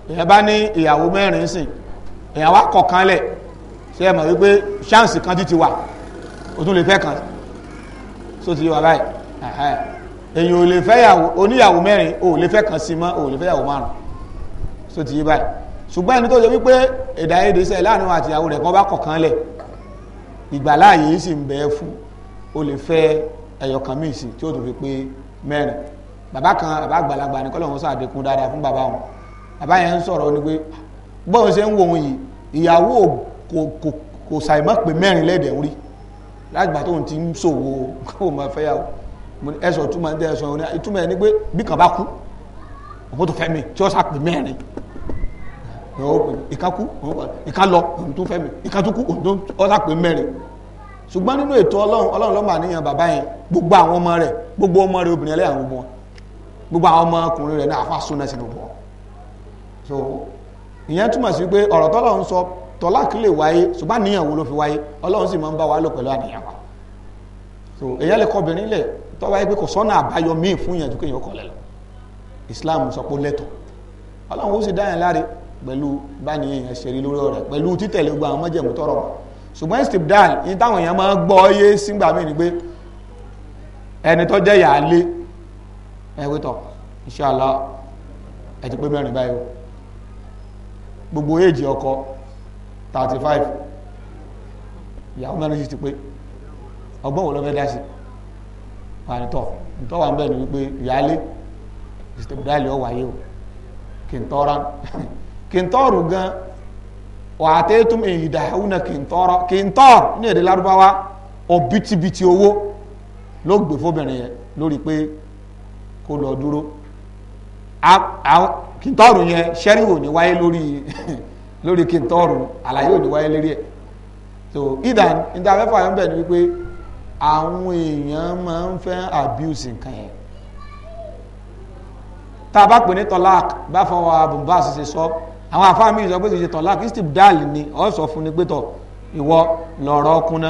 èèyàn bá ní ìyàwó mẹ́rin sìn èèyàn wá kọ̀ọ̀kan lẹ̀ ṣe é mọ̀ wípé ṣáǹsì kan ti ti wà o tún lè fẹ́ kan so ti wà báyìí èèyàn ò lè fẹ́ yàwó oníyàwó mẹ́rin o ò lè fẹ́ kan sí mọ́ o ò lè fẹ́ yàwó márùn so ti yé báyìí ṣùgbọ́n ẹni tó ṣe wípé èdè ayédè sẹ́yìn láàrin wọn àti ìyàwó rẹ̀ kan bá kọ̀ọ̀kan lẹ̀ ìgbàláàyè yìí sì ń bẹ fún o lè fẹ́ ẹyọkan míì sí tí ó tún fi pé mẹ́rin bàbá kan bàbá àgbàlagbà ní kọ́lọ̀ wọn sọ àdékún dáadáa fún bàbá wọn bàbá yẹn ń sọ̀rọ̀ ni pé bọ́ọ̀ ṣe ń wo òun yìí ìyàwó kò ṣàìmọ́ pé mẹ́rin lẹ́dẹ̀ ń rí lágbà tóun ti ń ṣòwò kó máa fẹ́ yàwó ẹ̀sọ̀ túmọ̀ ní ẹ̀sọ̀ òun ìtumọ̀ ẹ̀ ni pé bí kan bá kú òun tó fẹ́ mi tí ó ṣàpè mẹ́rin ìka kú ìka lọ òun tó fẹ́ mi ìka tó kú òun tó ó ṣàpè mẹ́rin ṣùgbọ́n nínú ètò ọlọ́run ọlọ́run ló mà bàbá yẹn gbogbo àwọn ọmọ rẹ̀ gbogbo ọmọ rẹ̀ obìnrin ẹlẹ́yàwó wọn gbogbo àwọn ọmọkùnrin rẹ̀ náà àfa súnà sí gbogbo so ìyẹn túmọ̀ sí pé ọ̀rọ̀ tọ́lọ̀ ń sọ tọ́láàkì lè wáyé ṣùgbọ́n níyàwó ló fi wáyé ọlọ́run sì máa ń bá wa lò pẹ̀lú àníyàn so èyàn lè kọbìnrin lẹ̀ tó wáyé pé kò sọ́nà àbáyọ míì fún ìyànjú kéèyàn kọ̀ lẹ̀ Islam sọ pé lẹ́tọ̀ ọlọ́run ó sì dáyàn láre pẹ̀lú báyìí èèyàn ṣe rí lórí ọ̀rẹ́ pẹ̀lú títẹ̀lé gbogbo àwọn mọ́jẹ̀mú tọrọ ṣùgbọ́n istibdal yìí táwọn èèyàn máa gbọ́ yé sígbà míì ni pé ẹni tó jẹ́ yàá lé ẹ pé tọ̀ inṣàlá pé mẹ́rin báyìí gbogbo èjì ọkọ 35 ìyàwó mẹ́rin sì ti pé ọgbọ́n wo ló fẹ́ dá ìtọ́ wà ń bẹ̀ wípé ìyáálé ìsìtẹ̀bùdáìlì yìí o kì ń tọ́ra kì ń tọ́rù gan wà á tẹ́ tún èyí dàhùn náà kì ń tọ́rọ kì ń ní èdè lárúbáwá owó ló kó lọ dúró kìntọ́ọ̀rù yẹn ṣẹ́rí ò ní wáyé lórí lórí kìntọ́ọ̀rù àlàyé ò ní wáyé lérí ẹ̀ so ìdá níta fẹ́fà yẹn bẹ̀ ni wípé àwọn èèyàn máa ń fẹ́ abuse nǹkan yẹn tá a bá pè ní tọ́lák bá fọwọ́ abùnbá ṣe sọ àwọn àfáàmì ìsọ pé ṣe tọ́lák istibdal ni ọ sọ fún ni pé tọ ìwọ lọ̀rọ̀ kúnná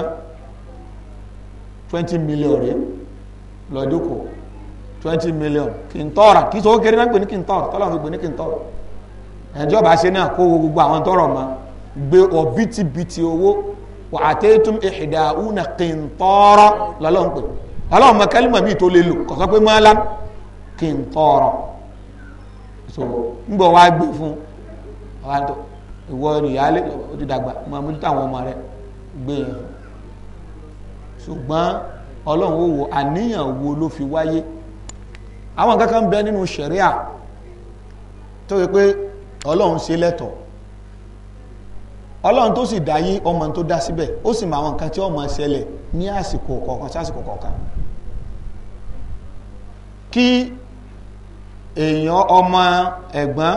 twenty million rẹ̀ lọ́dún twenty million kì ń tọ́ra kì í sọ ó kéré náà pè ní kì ń tọ́ra tọ́lá òun pè ní kì ń tọ́ra ẹjọ́ bá ṣe náà kó gbogbo àwọn tọ́rọ̀ mọ́ gbé ọ̀bítíbitì owó wà á tẹ́ tún ìhìdá una kì ń tọ́ra lọ́lọ́run pè ọlọ́run mọ kálímà míì tó lè lò kò sọ pé mọ́lá kì ń tọ́ra so ń bọ̀ wá gbé fún ọ̀hán tó ìwọ ìyáálé ó ti dàgbà mọ́ àmójú táwọn ọmọ rẹ gbé yẹn e. ṣùgbọ́n ọlọ́run ó wo àníyàn wo ló fi wáyé àwọn kankan ń bẹ nínú ṣẹ̀ríà tó yẹ pé ọlọ́run ṣe lẹ́tọ̀ ọlọ́run tó sì dá yí ọmọ tó dá síbẹ̀ ó sì mọ àwọn nǹkan tí ó ṣẹlẹ̀ ní àsìkò kọ̀ọ̀kan sí àsìkò kọ̀ọ̀kan kí èèyàn ọmọ ẹ̀gbọ́n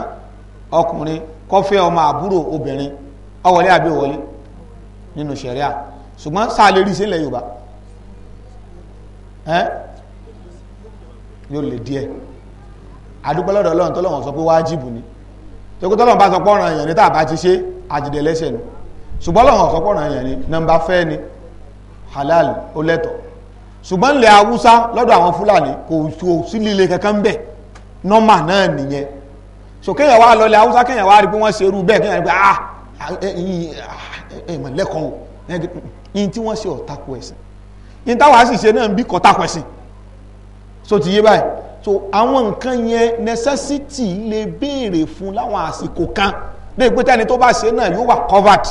ọkùnrin kó ọmọ àbúrò obìnrin ó wọlé nínú ṣẹ̀ríà ṣùgbọ́n sáà lè rí yóò lè díẹ̀ àdúgbọ́lọ́dọ̀ ọlọ́run tọ́lọ́run sọ pé wájìbù ni tókù tọ́lọ́run bá sọ pé ọ̀ràn èèyàn ní tàbá ti ṣe àjìdẹ̀ lẹ́sẹ̀ ni ṣùgbọ́n ọlọ́run sọ pé ọ̀ràn èèyàn ni nọmba fẹ́ ni halal ó lẹ́tọ̀ ṣùgbọ́n ilẹ̀ haúsá lọ́dọ̀ àwọn fúlàní kò sí líle kankan bẹ̀ nọ́mà náà nìyẹn so kéèyàn wá lọlẹ̀ haúsá kéèyàn wá rí pé wọ́n ṣe irú bẹ́ẹ̀ kéèyàn rí pé ah ẹ̀yìn lẹ́kọ̀ọ́ yìí tí wọ́n ṣe ọ̀tako ẹ̀sìn yìí táwa sì ṣe náà ń bí kọ̀tako ẹ̀sìn so ti yé báyìí so àwọn nǹkan yẹn necessity lè béèrè fún láwọn àsìkò kan lè pé tẹ́ni tó bá ṣe náà yóò wà covered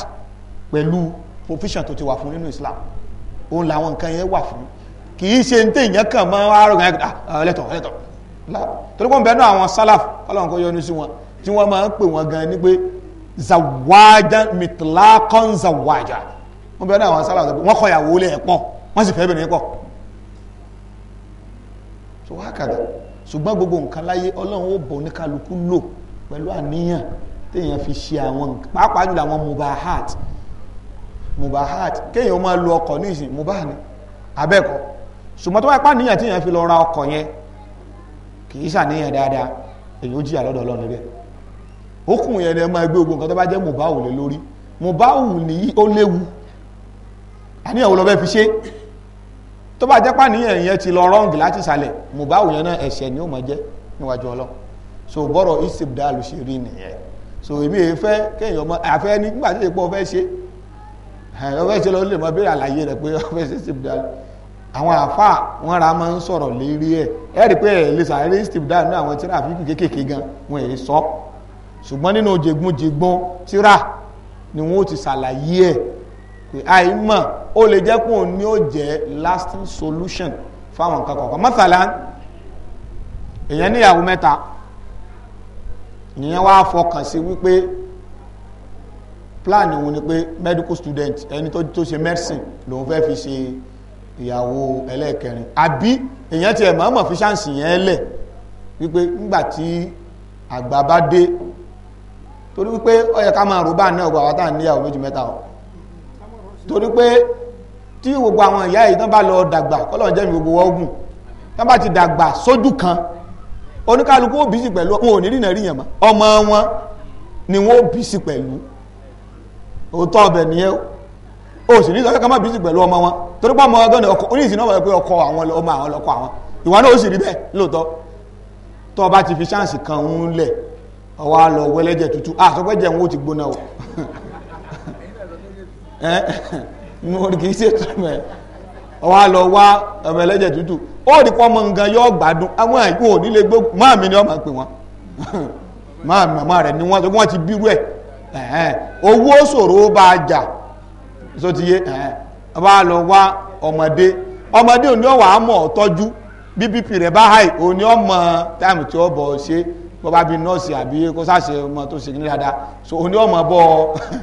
pẹ̀lú provision tó ti wà fún nínú Islam òun làwọn nǹkan yẹn wà fún kì í ṣe ntẹ ìyẹn kàn mọ́ àrùn yẹn ẹlẹ́tọ̀ ẹlẹ́tọ̀ torí pé ń bẹ́ẹ̀ náà àwọn salaf ọlọ́run kò yọnu sí wọn tí wọ́n máa ń pè wọ́n gan ni pé zawaja mitlakan zawaja wọ́n bẹ́ẹ̀ náà àwọn salaf wọ́n kọ ìyàwó lé ẹ̀pọ̀ wọ́n sì fẹ́ bẹ̀rẹ̀ ẹ̀pọ̀ so hákàdà ṣùgbọ́n gbogbo nǹkan láyé ọlọ́run ó bọ̀ oníkálukú lò pẹ̀lú àníyàn téèyàn fi ṣe àwọn nǹkan pàápàá jùlọ àwọn mubahat mubahat kéèyàn máa lo ọkọ̀ ní ìsìn mubah ni abẹ́kọ̀ ṣùgbọ́n tó wáyé pàníyàn téèyàn fi lọ ra ọkọ̀ yẹn kì í ṣàníyàn dáadáa èyí ó jìyà lọ́dọ̀ ọlọ́run rẹ̀ okùn yẹn ni ẹ máa gbé ogun nǹkan tó bá jẹ́ mubah ò lè lórí mubah ò ní ó léwu àníyàn wo lọ bẹ́ẹ̀ fi ṣe tó bá jẹ́ pàníyàn yẹn ti lọ rọ́ǹgì láti sàlẹ̀ mùbáwù yẹn náà ẹ̀ṣẹ̀ ni ó mọ̀ jẹ́ níwájú ọlọ́run so bọ́rọ̀ istibdal ṣe rí nìyẹn so èmi èyí fẹ́ kéèyàn ọmọ àfẹ́ ní nígbà tó ṣe pé ọfẹ́ ṣe ọfẹ́ ṣe lọ́ọ́ lè mọ béèrè àlàyé rẹ̀ pé ọfẹ́ ṣe istibdal àwọn àfà wọn ra máa ń sọ̀rọ̀ lérí ẹ̀ ẹ̀ rí pé ẹ̀ lè sàárẹ̀ istibdal ní àwọn tíra àfikún kéékèèké gan wọn èyí sọ ṣùgbọ́n nínú jẹ̀gbọ́n jẹ̀gbọ́n tíra ni wọn ó ti ṣàlàyé ẹ̀ pé àìmọ̀ ó lè jẹ́ kó ní ó jẹ́ lasting solution fáwọn nǹkan kọ̀ọ̀kan mọ́tàlá èèyàn níyàwó mẹ́ta ìyẹn wá fọkàn sí wípé plan òun ni pé medical student ẹni tó ṣe medicine lòun fẹ́ fi ṣe ìyàwó ẹlẹ́ẹ̀kẹrin àbí èèyàn ti ẹ̀ mọ̀ọ́mọ̀ fi ṣáǹsì yẹn lẹ̀ wípé nígbà tí àgbà bá dé torí wípé ó máa rò bá náà gbà wá tá níyàwó méjì mẹ́ta ọ̀ torí pé tí gbogbo àwọn ìyá yìí tán bá lọ dàgbà kọ́lọ̀ jẹ́ mi gbogbo ọgùn tán bá ti dàgbà sójú kan oníkálukú ó bí sí pẹ̀lú wọn ò ní rìnà ríyàn mọ́ ọmọ wọn ni wọn ó bí sí pẹ̀lú òótọ́ ọbẹ̀ nìyẹn o sì ní ìsọ̀kẹ́ kan má bí sí pẹ̀lú ọmọ wọn torí pé ọmọ ọgọ́ni ọkọ̀ oníṣìí náà wọ́n pé ọkọ àwọn ọmọ àwọn lọ́kọ àwọn ìwà náà ó sì rí bẹ́ẹ̀ lóòótọ́ tó o bá ti fi ṣáǹsì kan ń lẹ̀ ọwọ́ á lọ wẹ́lẹ́jẹ̀ tútù àtọ́gbẹ́jẹ̀ wọn ó ti gbóná o kì í ṣe tẹ̀mẹ̀ ọwọ́ lọ wá ọmọ ẹlẹ́jẹ̀ tútù ó mọ nǹkan yọ gbádùn àwọn àìkú ò nílé gbó máa mi ni wọ́n máa pè wọ́n máa màmá ni wọ́n tó wọ́n ti bírú ẹ̀ owó ṣòro bá a jà só ti yé lọ wá ọmọdé ọmọdé bbp rẹ̀ bá ọmọ táìmù tí ó bọ̀ ṣe bọ́ bá nọ́ọ̀sì àbí kó so ọmọ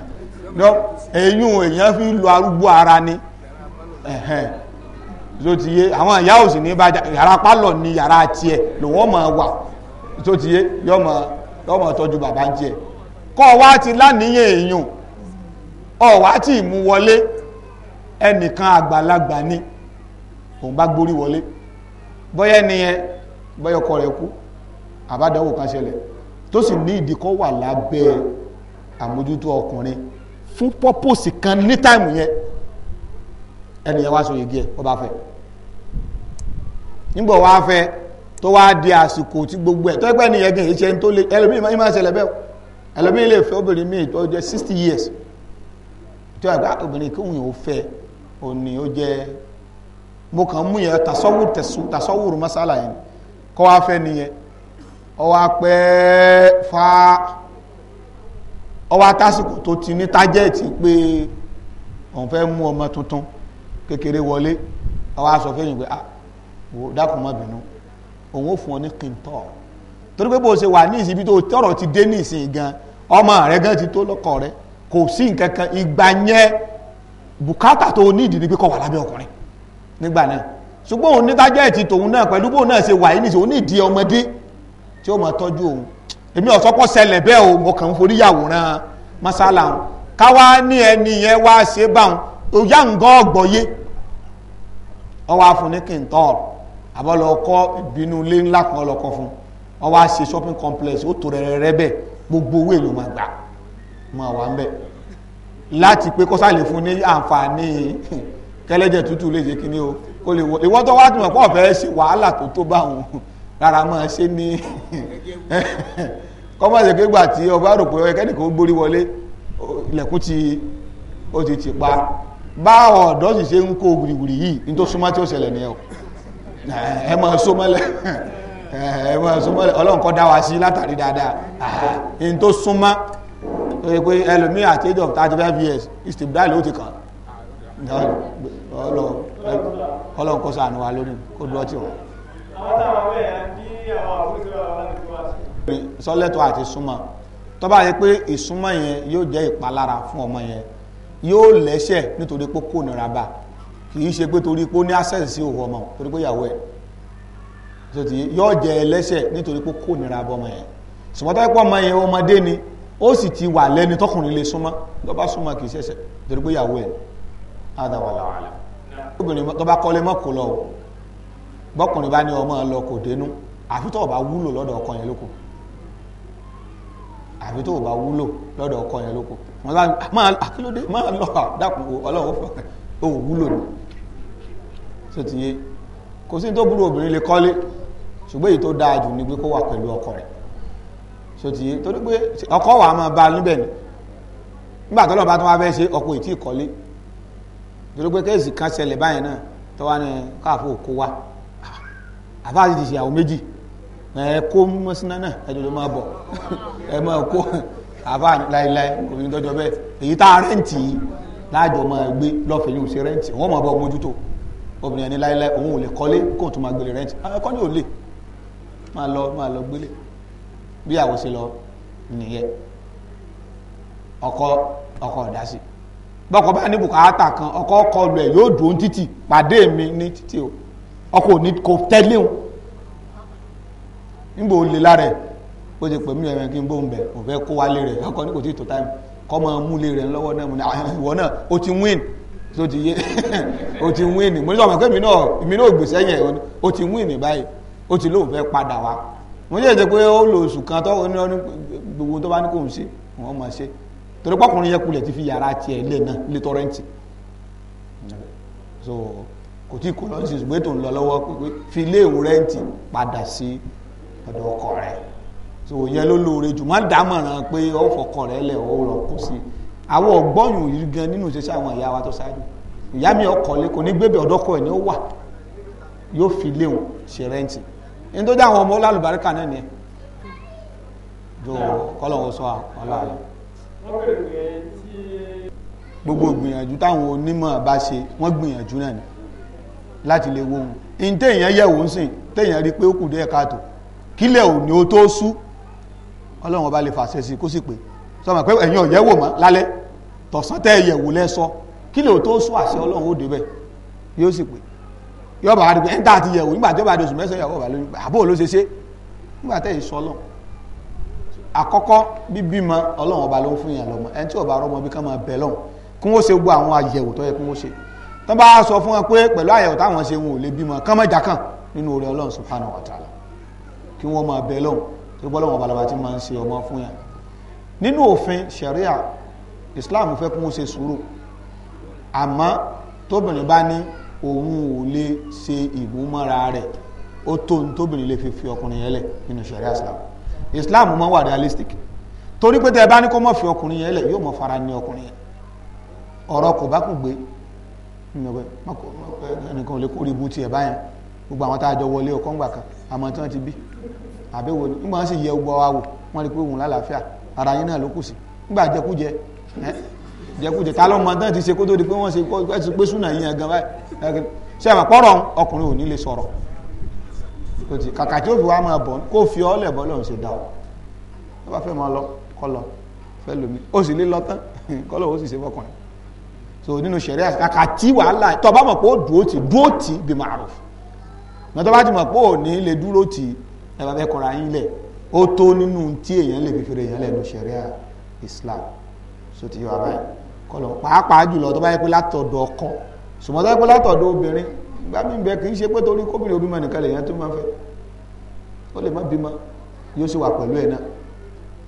ẹ̀yún èèyàn fi lo arúgbó ara ni tó ti yé àwọn ìyá òsì ní bá yàrá pálọ̀ ni yàrá tiẹ̀ lòun máa wà tó ti yé yọmọ yọmọ tọ́jú bàbá tiẹ̀ kọ́ wá ti láníyàn èèyàn ọ̀ wá tí mú wọlé ẹnìkan àgbàlagbà ni òun bá gborí wọlé bọ́yá ẹniyẹn bọ́yá ọkọ rẹ̀ kú àbádáwò kan ṣẹlẹ̀ tó sì ní ìdíkọ́ wà lábẹ́ àmójútó ọkùnrin fún pọ́pọ́sì kan ní táìmù yẹn ẹnìyẹn wá so yìí díẹ̀ ọba fẹ́ nígbà wá fẹ́ tó wá di àsìkò tí gbogbo ẹ̀ tó ẹgbẹ́ nìyẹn gan ìṣe tó lé ẹlòmíì máa ń máa ṣẹlẹ̀ bẹ́ẹ̀ ẹlòmíì lè fẹ́ obìnrin míì tó jẹ́ sixty years tí wọ́n gbà obìnrin kóhùn yìí ó fẹ́ òní ó jẹ́ mo kàn mú yẹn tasọ́wùrù tasọ́wùrù masala yẹn kọ́ wá fẹ́ nìyẹn ọwọ́ apẹ́ fáá ọwọ́ atásìkò tó ti ní tájẹ́ẹ̀tì pé òun fẹ́ mú ọmọ tuntun kékeré wọlé ọwọ́ aṣọ fẹ́yìn pé ah wò dákun má bínú òun ó fún ọ ní kìntọ́ torí pé bó ṣe wà ní ìsibí tó tọrọ ti dé ní ìsìn gan ọmọ rẹ gan ti tó lọ́kọ rẹ kò sí nǹkan kan ìgbà yẹn bùkátà tó ní ìdí ni pé kó wà lábẹ́ ọkùnrin nígbà náà ṣùgbọ́n òun ní tájẹ́ẹ̀tì tòun náà pẹ̀lú bóun náà ṣe wà yìí nìṣẹ́ èmi ọ̀sọ́pọ̀ ṣẹlẹ̀ bẹ́ẹ̀ o mo kàn ń forí yàwòrán masala wọn káwá ní ẹni yẹn wá ṣe báwọn òyà ǹgọ́ ọ̀gbọ̀yé ọwọ́ afunikin tọ́ọ̀rọ̀ àbọ̀lọ́kọ́ ìbínú ilé ńlá kan ọlọ́kọ́ fún ọwọ́ àṣe shopping complex ó tó rẹ̀rẹ̀rẹ̀ bẹ́ẹ̀ gbogbo owó èlò máa gbà máa wà ń bẹ̀ láti pé kọ́sà lè fún ní àǹfààní kẹlẹ́jẹ̀ tútù lè ṣe kíní o kó lè wọ ìwọ́n tó wá tìmọ̀ pọ̀ fẹ́ ṣe wàhálà tó tó bá wọn rárá mọ́ ṣe ní kọ́mọ̀sẹ̀ pé tí ọba rò pé ẹkẹ́ni kò gbórí wọlé ilẹ̀kùn ti ó ti ti pa bá ọ̀dọ́ sì ṣe ń kó gbìrìgbìrì yìí ní tó súnmọ́ tí ó ṣẹlẹ̀ ní ẹ mọ̀ ẹ mọ̀ ọlọ́run kọ́ dá wa sí látàrí dáadáa tó súnmọ́ ọlọ́run wa lónìí kó dúró wọ́n. sọ́lẹ́tọ̀ àti súnmọ́ tó bá yẹ pé ìsúnmọ́ yẹn yóò jẹ́ ìpalára fún ọmọ yẹn yóò lẹ́sẹ̀ nítorí pé kò nira bá kì í ṣe pé torí pé ó ní access sí òwò ọmọ torí pé ìyàwó ẹ̀ yóò jẹ́ ẹlẹ́sẹ̀ nítorí pé kò nira bọ́ ọmọ yẹn ṣùgbọ́n tó yẹ pé ọmọ yẹn ọmọdé ni ó sì ti wà lẹ́ni tọkùnrin lè súnmọ́ tó bá súnmọ́ kì í ṣẹ̀ṣẹ̀ torí pé ìyàwó ẹ̀ adàwàlàwàlà obìnrin bọ́kùnrin bá ní ọmọ lọ kò dénú àfi tó o bá wúlò lọ́dọ̀ ọkọ yẹn lóko àfi tó o bá wúlò lọ́dọ̀ ọkọ yẹn lóko wọn bá máa àkílódé máa lọ dákun ọlọ́wọ́ fún ọ ò wúlò ni tó ti yé kò sí tó burú obìnrin lè kọ́lé ṣùgbọ́n èyí tó dáa jù ni pé kó wà pẹ̀lú ọkọ rẹ̀ tó ti yé torí pé ọkọ wà máa ba níbẹ̀ ni nígbà tó lọ́ba tó wá fẹ́ ṣe ọkọ ìtì ìkọ́lé torí pé kéèsì kan ṣẹlẹ̀ báyìí náà tó wá ní káàfó òkú wá àfáàsì ti ṣèyàwó méjì ẹ kó mọ́síná náà ẹ jọjọ máa bọ̀ ẹ máa kó àfáà láìláì òfin tọ́jọ bẹ́ẹ̀ èyí tá a rẹ́ǹtì yìí láàjọ máa gbé lọ́fẹ̀ẹ́ yóò ṣe rẹ́ǹtì wọ́n máa bọ̀ mójútó obìnrin ẹni láìláì òun ò lè kọ́lé kóun tún máa gbélé rẹ́ǹtì ẹ kọ́lé ò lè máa lọ máa lọ gbélé bí àwọn ṣe lọ nìyẹn ọkọ ọkọ ọ̀dásí bọ́kọ bá ní bùkátà kan ọkọ ọkọ lu ẹ̀ yóò dùn títì pàdé mi ní títì o ọkọ òní kò tẹ́lé wọn nígbà olè lára ẹ̀ ó ti pè mí ẹ̀rẹ̀ kí n bó ń bẹ̀ ò fẹ́ kó wálé rẹ̀ ọkọ ní kò tí tó táìmù kọ́ máa mú lé rẹ̀ lọ́wọ́ náà mo ní ah, ìwọ náà ó ti win tó ti yé ó ti win mo ní sọ ma pé mi náà mi náà gbèsè yẹn ó ti win báyìí ó ti lóun fẹ́ padà wá mo ní ẹ̀jẹ̀ pé ó lo oṣù kan tó ní ọ́nú gbogbo tó bá ní kò ń ṣe wọ́n máa ṣe torí pọ́kùnrin yẹ kulẹ̀ ti fi yàrá tiẹ̀ lẹ̀ náà lé tọ́rẹ́ǹtì so kò tí kò lọ́sí ṣùgbọ́n tó ń lọ lọ́wọ́ pé fi ilé ìwò rẹ́ǹtì padà sí ọ̀dọ̀ ọkọ rẹ̀ so yẹn ló lóore jù má dámọ̀ràn pé ó fọkọ rẹ̀ lẹ̀ ó rọ̀ kó sí àwọn ọgbọ́yùn yìí gan nínú ìṣẹ́ṣẹ́ àwọn ìyá wa tó ṣáájú ìyá mi ọkọ lé kò ní gbébẹ̀ ọ̀dọ́kọ ẹ̀ ni ó wà yóò fi ilé òun ṣe rẹ́ǹtì ní tó dá àwọn ọmọ olálùbáríkà náà nìyẹn jọ kọ́lọ̀wọ́ sọ ọ̀la rẹ̀ gbogbo ìgbìyànjú táwọn onímọ̀ bá ṣe wọ́n gbìyànjú náà ni láti lè wo ohun in téèyàn yẹ̀wò ń sìn téèyàn rí pé ó kù díẹ̀ káàtó kílẹ̀ ò ní ó tó sú ọlọ́run ọba lè fàṣẹ sí kó sì pé sọmọ pé ẹ̀yin ọ̀yẹ́wò mọ́ lálẹ́ tọ̀sán tẹ́ yẹ̀wò lẹ́sọ kílẹ̀ ò tó sú àṣẹ ọlọ́run ó débẹ̀ yóò sì pé yóò bá wà dùgbẹ́ níta àti yẹ̀wò nígbà tí ó bá dosù mẹ́sàn yàwó bá lóyún àbó ló ṣe ṣe nígbà tẹ́ yìí sọ àkọ́kọ́ bíbímọ ọlọ́run ọba ló ń fún yàn lọ́mọ ẹni ọba rọmọ bí kán máa bẹ̀ lọ́hùn kí wọ́n ṣe gbọ́ àwọn àyẹ̀wò tó yẹ kí wọ́n ṣe tán bá sọ fún wọn pé pẹ̀lú àyẹ̀wò táwọn ṣe wọn ò lè bímọ kán mọ́jà kan nínú orí ọlọ́run subhanahu wa ta'ala kí wọ́n máa bẹ lọ́hùn tó gbọ́ lọ́wọ́ balaba tí máa ń ṣe ọmọ fún yàn nínú òfin sharia islam fẹ́ kún ṣe sùúrù àmọ́ tóbìnrin bá ní òun ò lè ṣe ìmúmọ́ra rẹ̀ ó tó ní tóbìnrin lè fi fi ọkùnrin yẹn lẹ̀ nínú sharia islam islam mọ́ wà realistic torí pé tẹ́ ẹ bá ní kó mọ̀ fi ọkùnrin yẹn lẹ̀ ẹnìkan ò lè kórìí bú tiẹ̀ báyẹn gbogbo àwọn tá a jọ wọlé ọkọ̀ ńgbà kan àmọ́ tí wọ́n ti bí àbẹ̀wò ni nígbà wọn sì yẹ gbọ́ wa wò wọ́n rí pé òun lálàáfíà ara yín náà ló kù sí nígbà jẹkújẹ jẹkújẹ ta lọ́mọ tán ti ṣe kó tó di pé wọ́n ṣe kó ti pé súnà yín ẹ̀gàn báyìí ṣe àmọ́ pọ́rọ̀ ọkùnrin ò ní lè sọ̀rọ̀ kàkà tí ó fi wá máa bọ̀ kó fi ọ́ lẹ̀ bọ́ lọ́run ṣe dà ọ́ ló bá fẹ́ máa lọ kọ́ fẹ́ lómi ó sì lé lọ tán ó sì ṣe fọkùnrin so nínú sẹ̀rí àkàkà tí wàhálà tó bá mọ̀ pé ó dúró tì dúró tì bí màrúf mọ̀ tó bá ti mọ̀ pé ò ní lè dúró tì ẹ bá fẹ́ kọ́ra yín lẹ̀ ó tó nínú tí èèyàn lè fi fèrè èèyàn lẹ̀ nínú Islam so ti yọ abáyé kọlọ pàápàá jùlọ tó bá yẹ pé látọ̀dọ̀ ọkọ ṣùgbọ́n tó yẹ pé látọ̀dọ̀ obìnrin ìgbà mi bẹ kì í ṣe pé torí kóbìnrin obìnrin nìkan lè yẹn tó máa fẹ́ ó lè má bímọ yóò sì wà pẹ̀lú ẹ̀ náà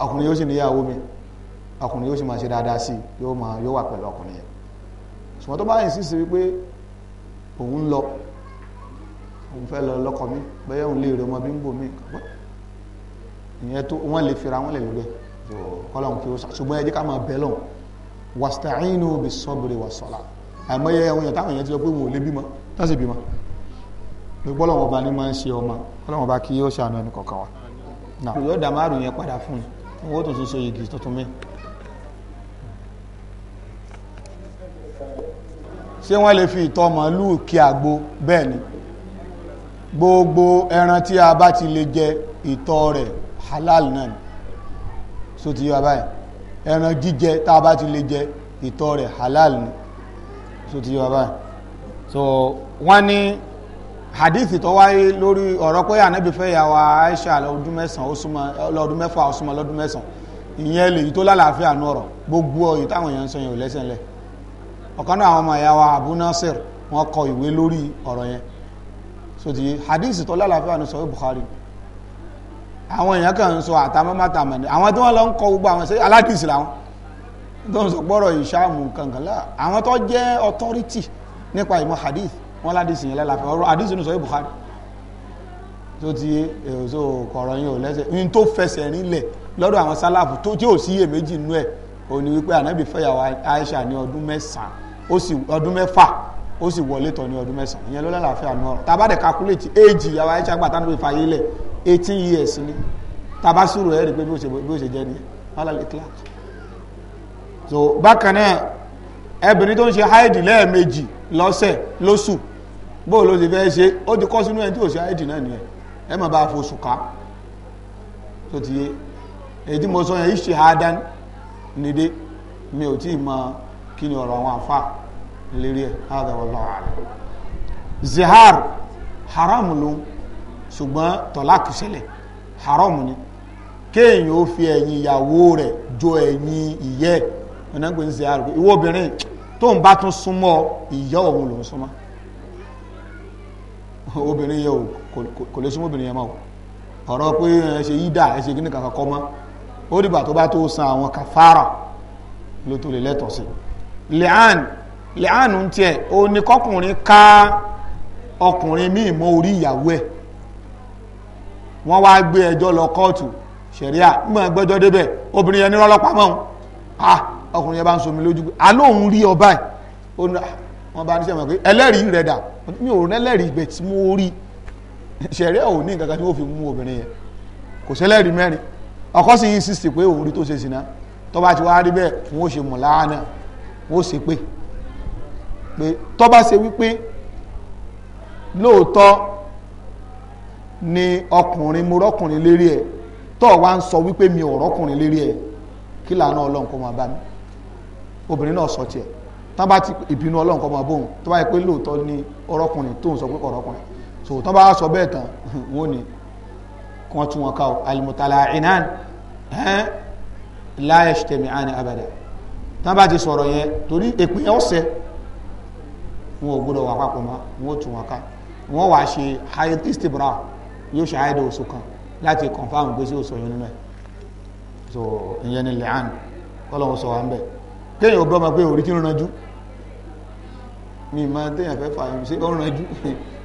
ọkùnrin yóò sì níyàwó mi ọkùnrin yóò sì máa ṣe dáadáa sí yóò máa yóò wà pẹ̀lú ọkùnrin yẹn ṣùgbọ́n tó bá yìn sísè wípé òun lọ òun fẹ́ lọ lọ́kọ mi bẹ́ẹ̀ òun lè rí ọmọ bí ń bò mí ìyẹn tó wọ́n lè fira wọ́n lè lórí ẹ̀ kọ́lọ́hún kí ó sà ṣùgbọ́n ẹ jẹ́ ká máa bẹ̀ lọ́hùn wàstàínú bí sọ́bìrì wà sọ́lá àìmọye àwọn èèyàn táwọn èèyàn ti sọ pé wọn ò lè bímọ tásì bímọ gbọ́lọ̀wọ̀ bá ní máa ń ṣe ọmọ gbọ́lọ̀wọ̀ bá kí yóò ṣàánú ẹni kọ̀ọ̀kan wa yóò dàmárù yẹn padà fún un wọ́n tó tún so yìgì tuntun mẹ́rin ṣé wọ́n lè fi ìtọ̀ màálù kí àgbo bẹ́ẹ̀ ni gbogbo ẹran tí a bá ti lè jẹ ìtọ̀ rẹ̀ halal náà ni so ti yọ abáyé ẹran jíjẹ tá a bá ti lè jẹ ìtọ̀ rẹ̀ halal ni so ti yọ abáyé so wọ́n ní hadithi tó wáyé lórí ọ̀rọ̀ pé ànábì fẹ́ yà wá Aisha lọ́dún mẹ́sàn-án ó súnmọ́ lọ́dún mẹ́fà ó súnmọ́ lọ́dún mẹ́sàn-án ìyẹn lèyí tó lálàáfíà nù ọ̀rọ̀ gbogbo ọ̀yí táwọn èèyàn ń sọ yẹn ò lẹ́sẹ̀ lẹ́ẹ̀ ọ̀kan náà àwọn ọmọ ìyá wa Abu Nasir wọ́n kọ ìwé lórí ọ̀rọ̀ yẹn so ti hadith tó lálàáfíà ní sọ̀rọ̀ Bukhari àwọn èèyàn kan ń sọ àtàmọ́mátà mẹ́ni àwọn tí wọ́n lọ ń kọ gbogbo àwọn sí aládìsí làwọn tó ń sọ gbọ́rọ̀ ìṣàmù kankanlá àwọn tó jẹ́ authority nípa ìmọ̀ hadith wọn ládìsí yẹn lálàáfíà ọ̀rọ̀ hadith ní sọ̀rọ̀ Bukhari so ti èso eh, kọ̀rọ̀ yẹn ò lẹ́sẹ̀ ní tó fẹsẹ̀ nílẹ̀ lọ́dọ̀ àwọn sálàfù tí ò sí iyèméjì nú ẹ̀ òní wípé ànábì fẹ́yàwó Aisha ní ọdún mẹ́sàn-án ó sì ọdún mẹ́fà ó sì wọlé tọ̀ ní ọdún mẹ́sàn-án ìyẹn ló lálàáfíà nù ọ̀rọ̀ tàbá dẹ̀ calculate age ìyàwó ayéṣà gbà tánú ìfà yìí lẹ̀ eighteen years ni tàbá sùúrù ẹ̀ rí pé bí ó ṣe bí ó ṣe jẹ́ ni alàlẹ́ so bákan náà ẹbìnrin tó ń ṣe haidi lẹ́ẹ̀mejì lọ́sẹ̀ lóṣù bó ló ti fẹ́ ṣe ó ti kọ́ sínú ẹni tí ò ṣe haidi náà nìyẹn ẹ má bá a fosù ká tó ti yé èyí tí mo sọ yẹn ìṣe hadan nìde mi ò tí ì kí ni ọ̀rọ̀ àwọn àfà lérí ẹ̀ hádà wallahu a'lam zihar haram ló ṣùgbọ́n tọ́láàkì ṣẹlẹ̀ haram ni kéèyàn ó fi ẹ̀yìn ìyàwó rẹ̀ jo ẹ̀yìn ìyẹ́ ọ̀nàgbẹ̀ zihar ìwọ obìnrin tó ń bá tún súnmọ́ ìyá òun ló ń súnmọ́ obìnrin yẹ o kò lè súnmọ́ obìnrin yẹ mọ́ ọ̀rọ̀ pé ẹ ṣe yídà ẹ ṣe gíní kankan mọ́ ó dìgbà tó bá tó san àwọn kàfàrà ló tó lè lẹ́tọ̀ọ́ sí i li'an li'an ń tiẹ̀ ó ní kọkùnrin ká ọkùnrin míì mọ́ orí ìyàwó ẹ̀ wọ́n wá gbé ẹjọ́ lọ kóòtù ṣẹ̀ríà mọ̀ ẹgbẹ́jọ́ débẹ̀ obìnrin yẹn ní rọ́lọ́pàá mọ́ ah ọkùnrin yẹn bá ń somi lójú pé alóhun rí ọba ẹ̀ ó ní ah, wọ́n bá ní sẹ́wọ̀n pé ẹlẹ́rìí rẹ̀ dà mi ò rẹ́lẹ́rìí ibẹ̀ tí mo rí ṣẹ̀ríà ò ní nǹkan tí wọ́n fi mú obìnrin yẹn kò sẹ́lẹ́rìí mẹ́rin ọkọ sì ń sísì pé òun rí tó ṣe sìnà tó bá ti wá rí bẹ́ẹ̀ fún ó ṣe mọ̀ láánà wọ́n ṣe pé pé tó bá ṣe wípé lóòótọ́ ni ọkùnrin mo rọ́kùnrin lérí ẹ̀ tó wá ń sọ wípé mi ò rọ́kùnrin lérí ẹ̀ kí lànà ọlọ́run kó máa bá mi obìnrin náà sọ tiẹ̀ tán bá ti ìbínú ọlọ́run kó máa bóun tó bá yẹ pé lóòótọ́ ni ọrọ́kùnrin tó sọ pé ọrọ́kùnrin so tán bá sọ bẹ́ẹ̀ tán wọ́n ni kí wọ́n tún wọn ká o alimutala inan ẹ́n láyé ṣe àná abàdà tán bá ti sọ̀rọ̀ yẹn torí èpè ọ̀sẹ̀ wọn ò gbọ́dọ̀ wà papọ̀ mọ́ wọn ò tún wọn ká wọn wàá ṣe istibra yóò ṣe àìdè oṣù kan láti confam pé sí oṣù yẹn nínú ẹ̀ so ìyẹn ni lẹ́hàn kọ́lọ́hún sọ wà ń bẹ̀ kéèyàn ò gbọ́mọ pé orí kí ń ranjú mi ì máa téèyàn fẹ́ fà yín sí ó ń ranjú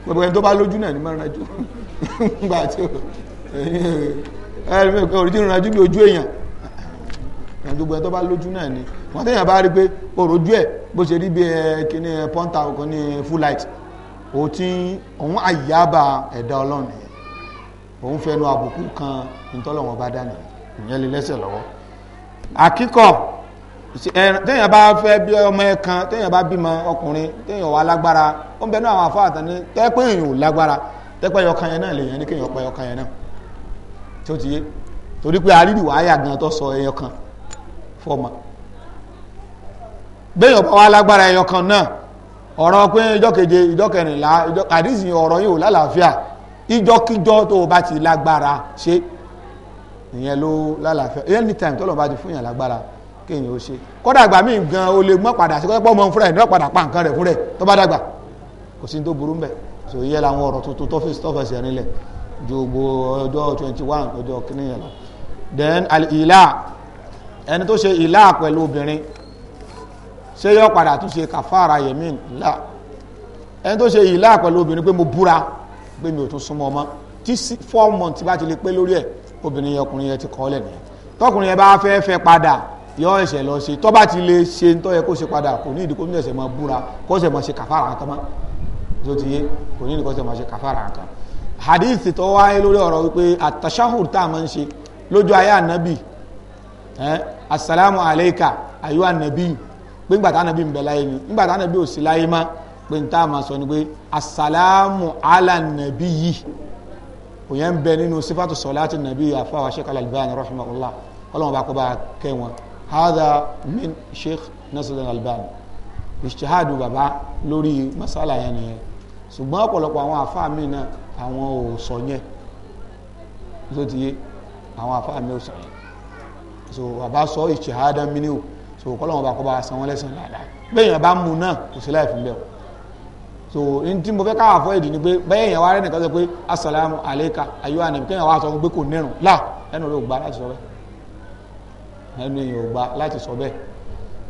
gbogbo ẹni tó bá lójú náà ni máa ranjú nígbà tí ẹ ẹ orí kí ń ranjú bí ojú èèyàn gbogbo ẹni tó bá lójú náà ni wọ́n tẹ́yàn bá rí pé òròjú ẹ̀ bó ṣe rí bí ẹ kíní ẹ pọ́ńtà ọkọ̀ ní full light ó òun àyàbà ẹ̀dá ọlọ́run nìyẹn òun fẹnu àbùkù kan ìtọ́lọ́wọ́n bá dá ìyẹn lè lẹ́sẹ̀ lọ́wọ́ bá fẹ́ ọmọ ẹ kan bá ọkùnrin lágbára ó ń náà àwọn tẹ́pẹ́ èèyàn ò lágbára gbẹ̀yìn ọ̀pọ̀ alágbára ẹyọ kan náà ọ̀rọ̀ pé ìjọ keje ìjọ kẹrìnlá àdìsí ọ̀rọ̀ yìí ò lálàáfíà ìjọkíjọ tó o bá ti lágbára ṣe ìyẹn ló lálàáfíà anytime tọ́lọ̀ bá ti fún yàn lágbára kéèyàn ó ṣe kọ́dà àgbà míì gan o lè mọ́ padà sí kọ́dà mọ́ fúnra ẹ̀ ní ọ̀padà pa nǹkan rẹ̀ fún rẹ̀ tó bá dàgbà kò sí tó burú mbẹ̀ so ìyẹn làwọn ọ̀rọ̀ tuntun tọ́fẹ̀sì tọ́fẹ̀sì ẹ̀ nílẹ̀ ju gbogbo ọjọ́ twenty one ọjọ́ kìnìyàn lọ then ìlà ẹni tó ṣe ìlà pẹ̀lú obìnrin ṣé yọ padà tún ṣe kàfàrà yẹmí là ẹni tó ṣe yìí láà pẹ̀lú obìnrin pé mo búra pé mi ò tún súnmọ́ ọmọ tí four months bá ti lè pé lórí ẹ̀ obìnrin yẹn ọkùnrin yẹn ti kọ́ lẹ̀ nìyẹn tọkùnrin yẹn bá fẹ́ fẹ́ padà yọ ẹ̀ṣẹ̀ lọ ṣe tọ́ bá ti lè ṣe ń tọ́ yẹ kó ṣe padà kò ní ìdí kó ní ẹ̀ṣẹ̀ máa búra kó ṣe máa ṣe kàfàrà kan mọ́ tó ti yé kò ní ìdí ṣe máa ṣe kàfàrà kan hadith tó wáyé lórí ọ̀rọ̀ wípé àtàṣáhùr tá a máa ń ṣe lójú ayé ànábì ẹ̀ assalamu alayka ayu ànábì pé ńgbà tá ànábì ń bẹ láyé ni ńgbà tá ànábì ò sí láyé má pé n tá a máa sọ ni pé asalaamu ala nàbí yìí òyìn ń bẹ nínú sífàtù sọláàtì nàbí àfáwà sheikh al-albani rahimahullah ọlọ́run bá kó bá kẹ́ wọn hadha min sheikh nasruddin al-albani ìṣèhádùn bàbá lórí masala yẹn nìyẹn ṣùgbọ́n ọ̀pọ̀lọpọ̀ àwọn àfáà mi náà àwọn ò sọ yẹn ló ti yé àwọn àfáà mi ò sọ yẹn so bàbá sọ ìṣèhádùn mi ni o so kọ́lọ́wọ́n bá kọ́ bá san wọ́n lẹ́sìn dáadáa bẹ́ẹ̀ yẹn bá mú náà kò sí láì fún bẹ́ẹ̀ o so n tí mo fẹ́ káwà fọ́ ìdí ni pé bẹ́ẹ̀ yẹn wá rẹ́ nìkan sọ pé asalamu aleka ayo anabi kẹ́yìn wá sọ pé kò nírun là ẹnu rẹ̀ ò gbà láti sọ bẹ́ẹ̀ ẹnu yẹn ò gbà láti sọ bẹ́ẹ̀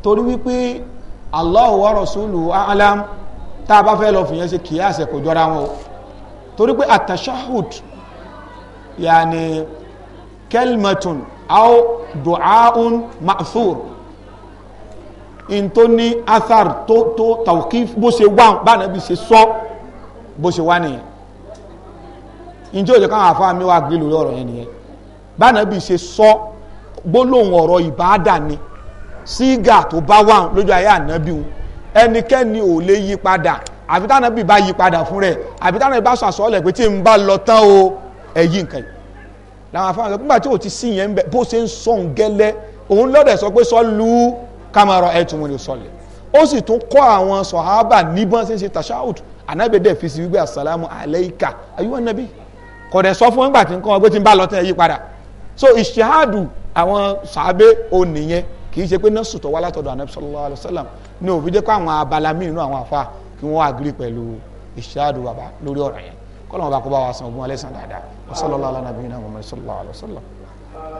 torí wípé Allahu wa rasuluhu alam tá a bá fẹ́ lọ fìyẹn ṣe kìí àṣẹ kò jọra wọn o torí pé atashahud yaani kelmatun aw du'aun ma'thur in tó ní athar tó tó tawqif bó ṣe wá báyìí bí ṣe sọ bó ṣe wá nìyẹn njẹ́ òjò káwọn àfáà mi wá gbé lórí ọ̀rọ̀ yẹn nìyẹn báyìí bí ṣe sọ gbólóhùn ọ̀rọ̀ ìbáàdà ni sígà tó bá wà lójú ayé ànábì wọn ẹnikẹ́ni ò lè yí padà àfi tánàbì bá yí padà fún rẹ̀ àfi tánàbì bá sọ àsọ̀ọ́lẹ̀ pé tí n bá lọ tán o ẹ̀yí nǹkan yìí làwọn afáwọn sọ pé nígbà tí ò yẹn bó kámárọ̀ ẹ̀ tún wọn lè sọlẹ̀ ó sì tún kọ́ àwọn sọ̀hábà níbọn ṣe ń ṣe tashahud anábẹ́dẹ̀ fi sí wípé asàlámù aláìka ayúwọ́n nàbí kọ̀dẹ̀ sọ fún ẹgbà tí ń kọ́ ọgbẹ́ tí ń bá lọ tẹ́ yí padà so ìṣèhádù àwọn sàábé onìyẹn kì í ṣe pé nọ́ọ̀sù tó wá látọ̀dọ̀ anabi sallallahu alayhi wa sallam ní òfin jẹ́ kó àwọn abala míì nínú àwọn afa kí wọ́n agiri pẹ̀lú ìṣáàdù bàbá lórí ọ̀rọ̀ yẹn kọ́lọ́mọba kó bá wa san ogún alẹ́ san dáadáa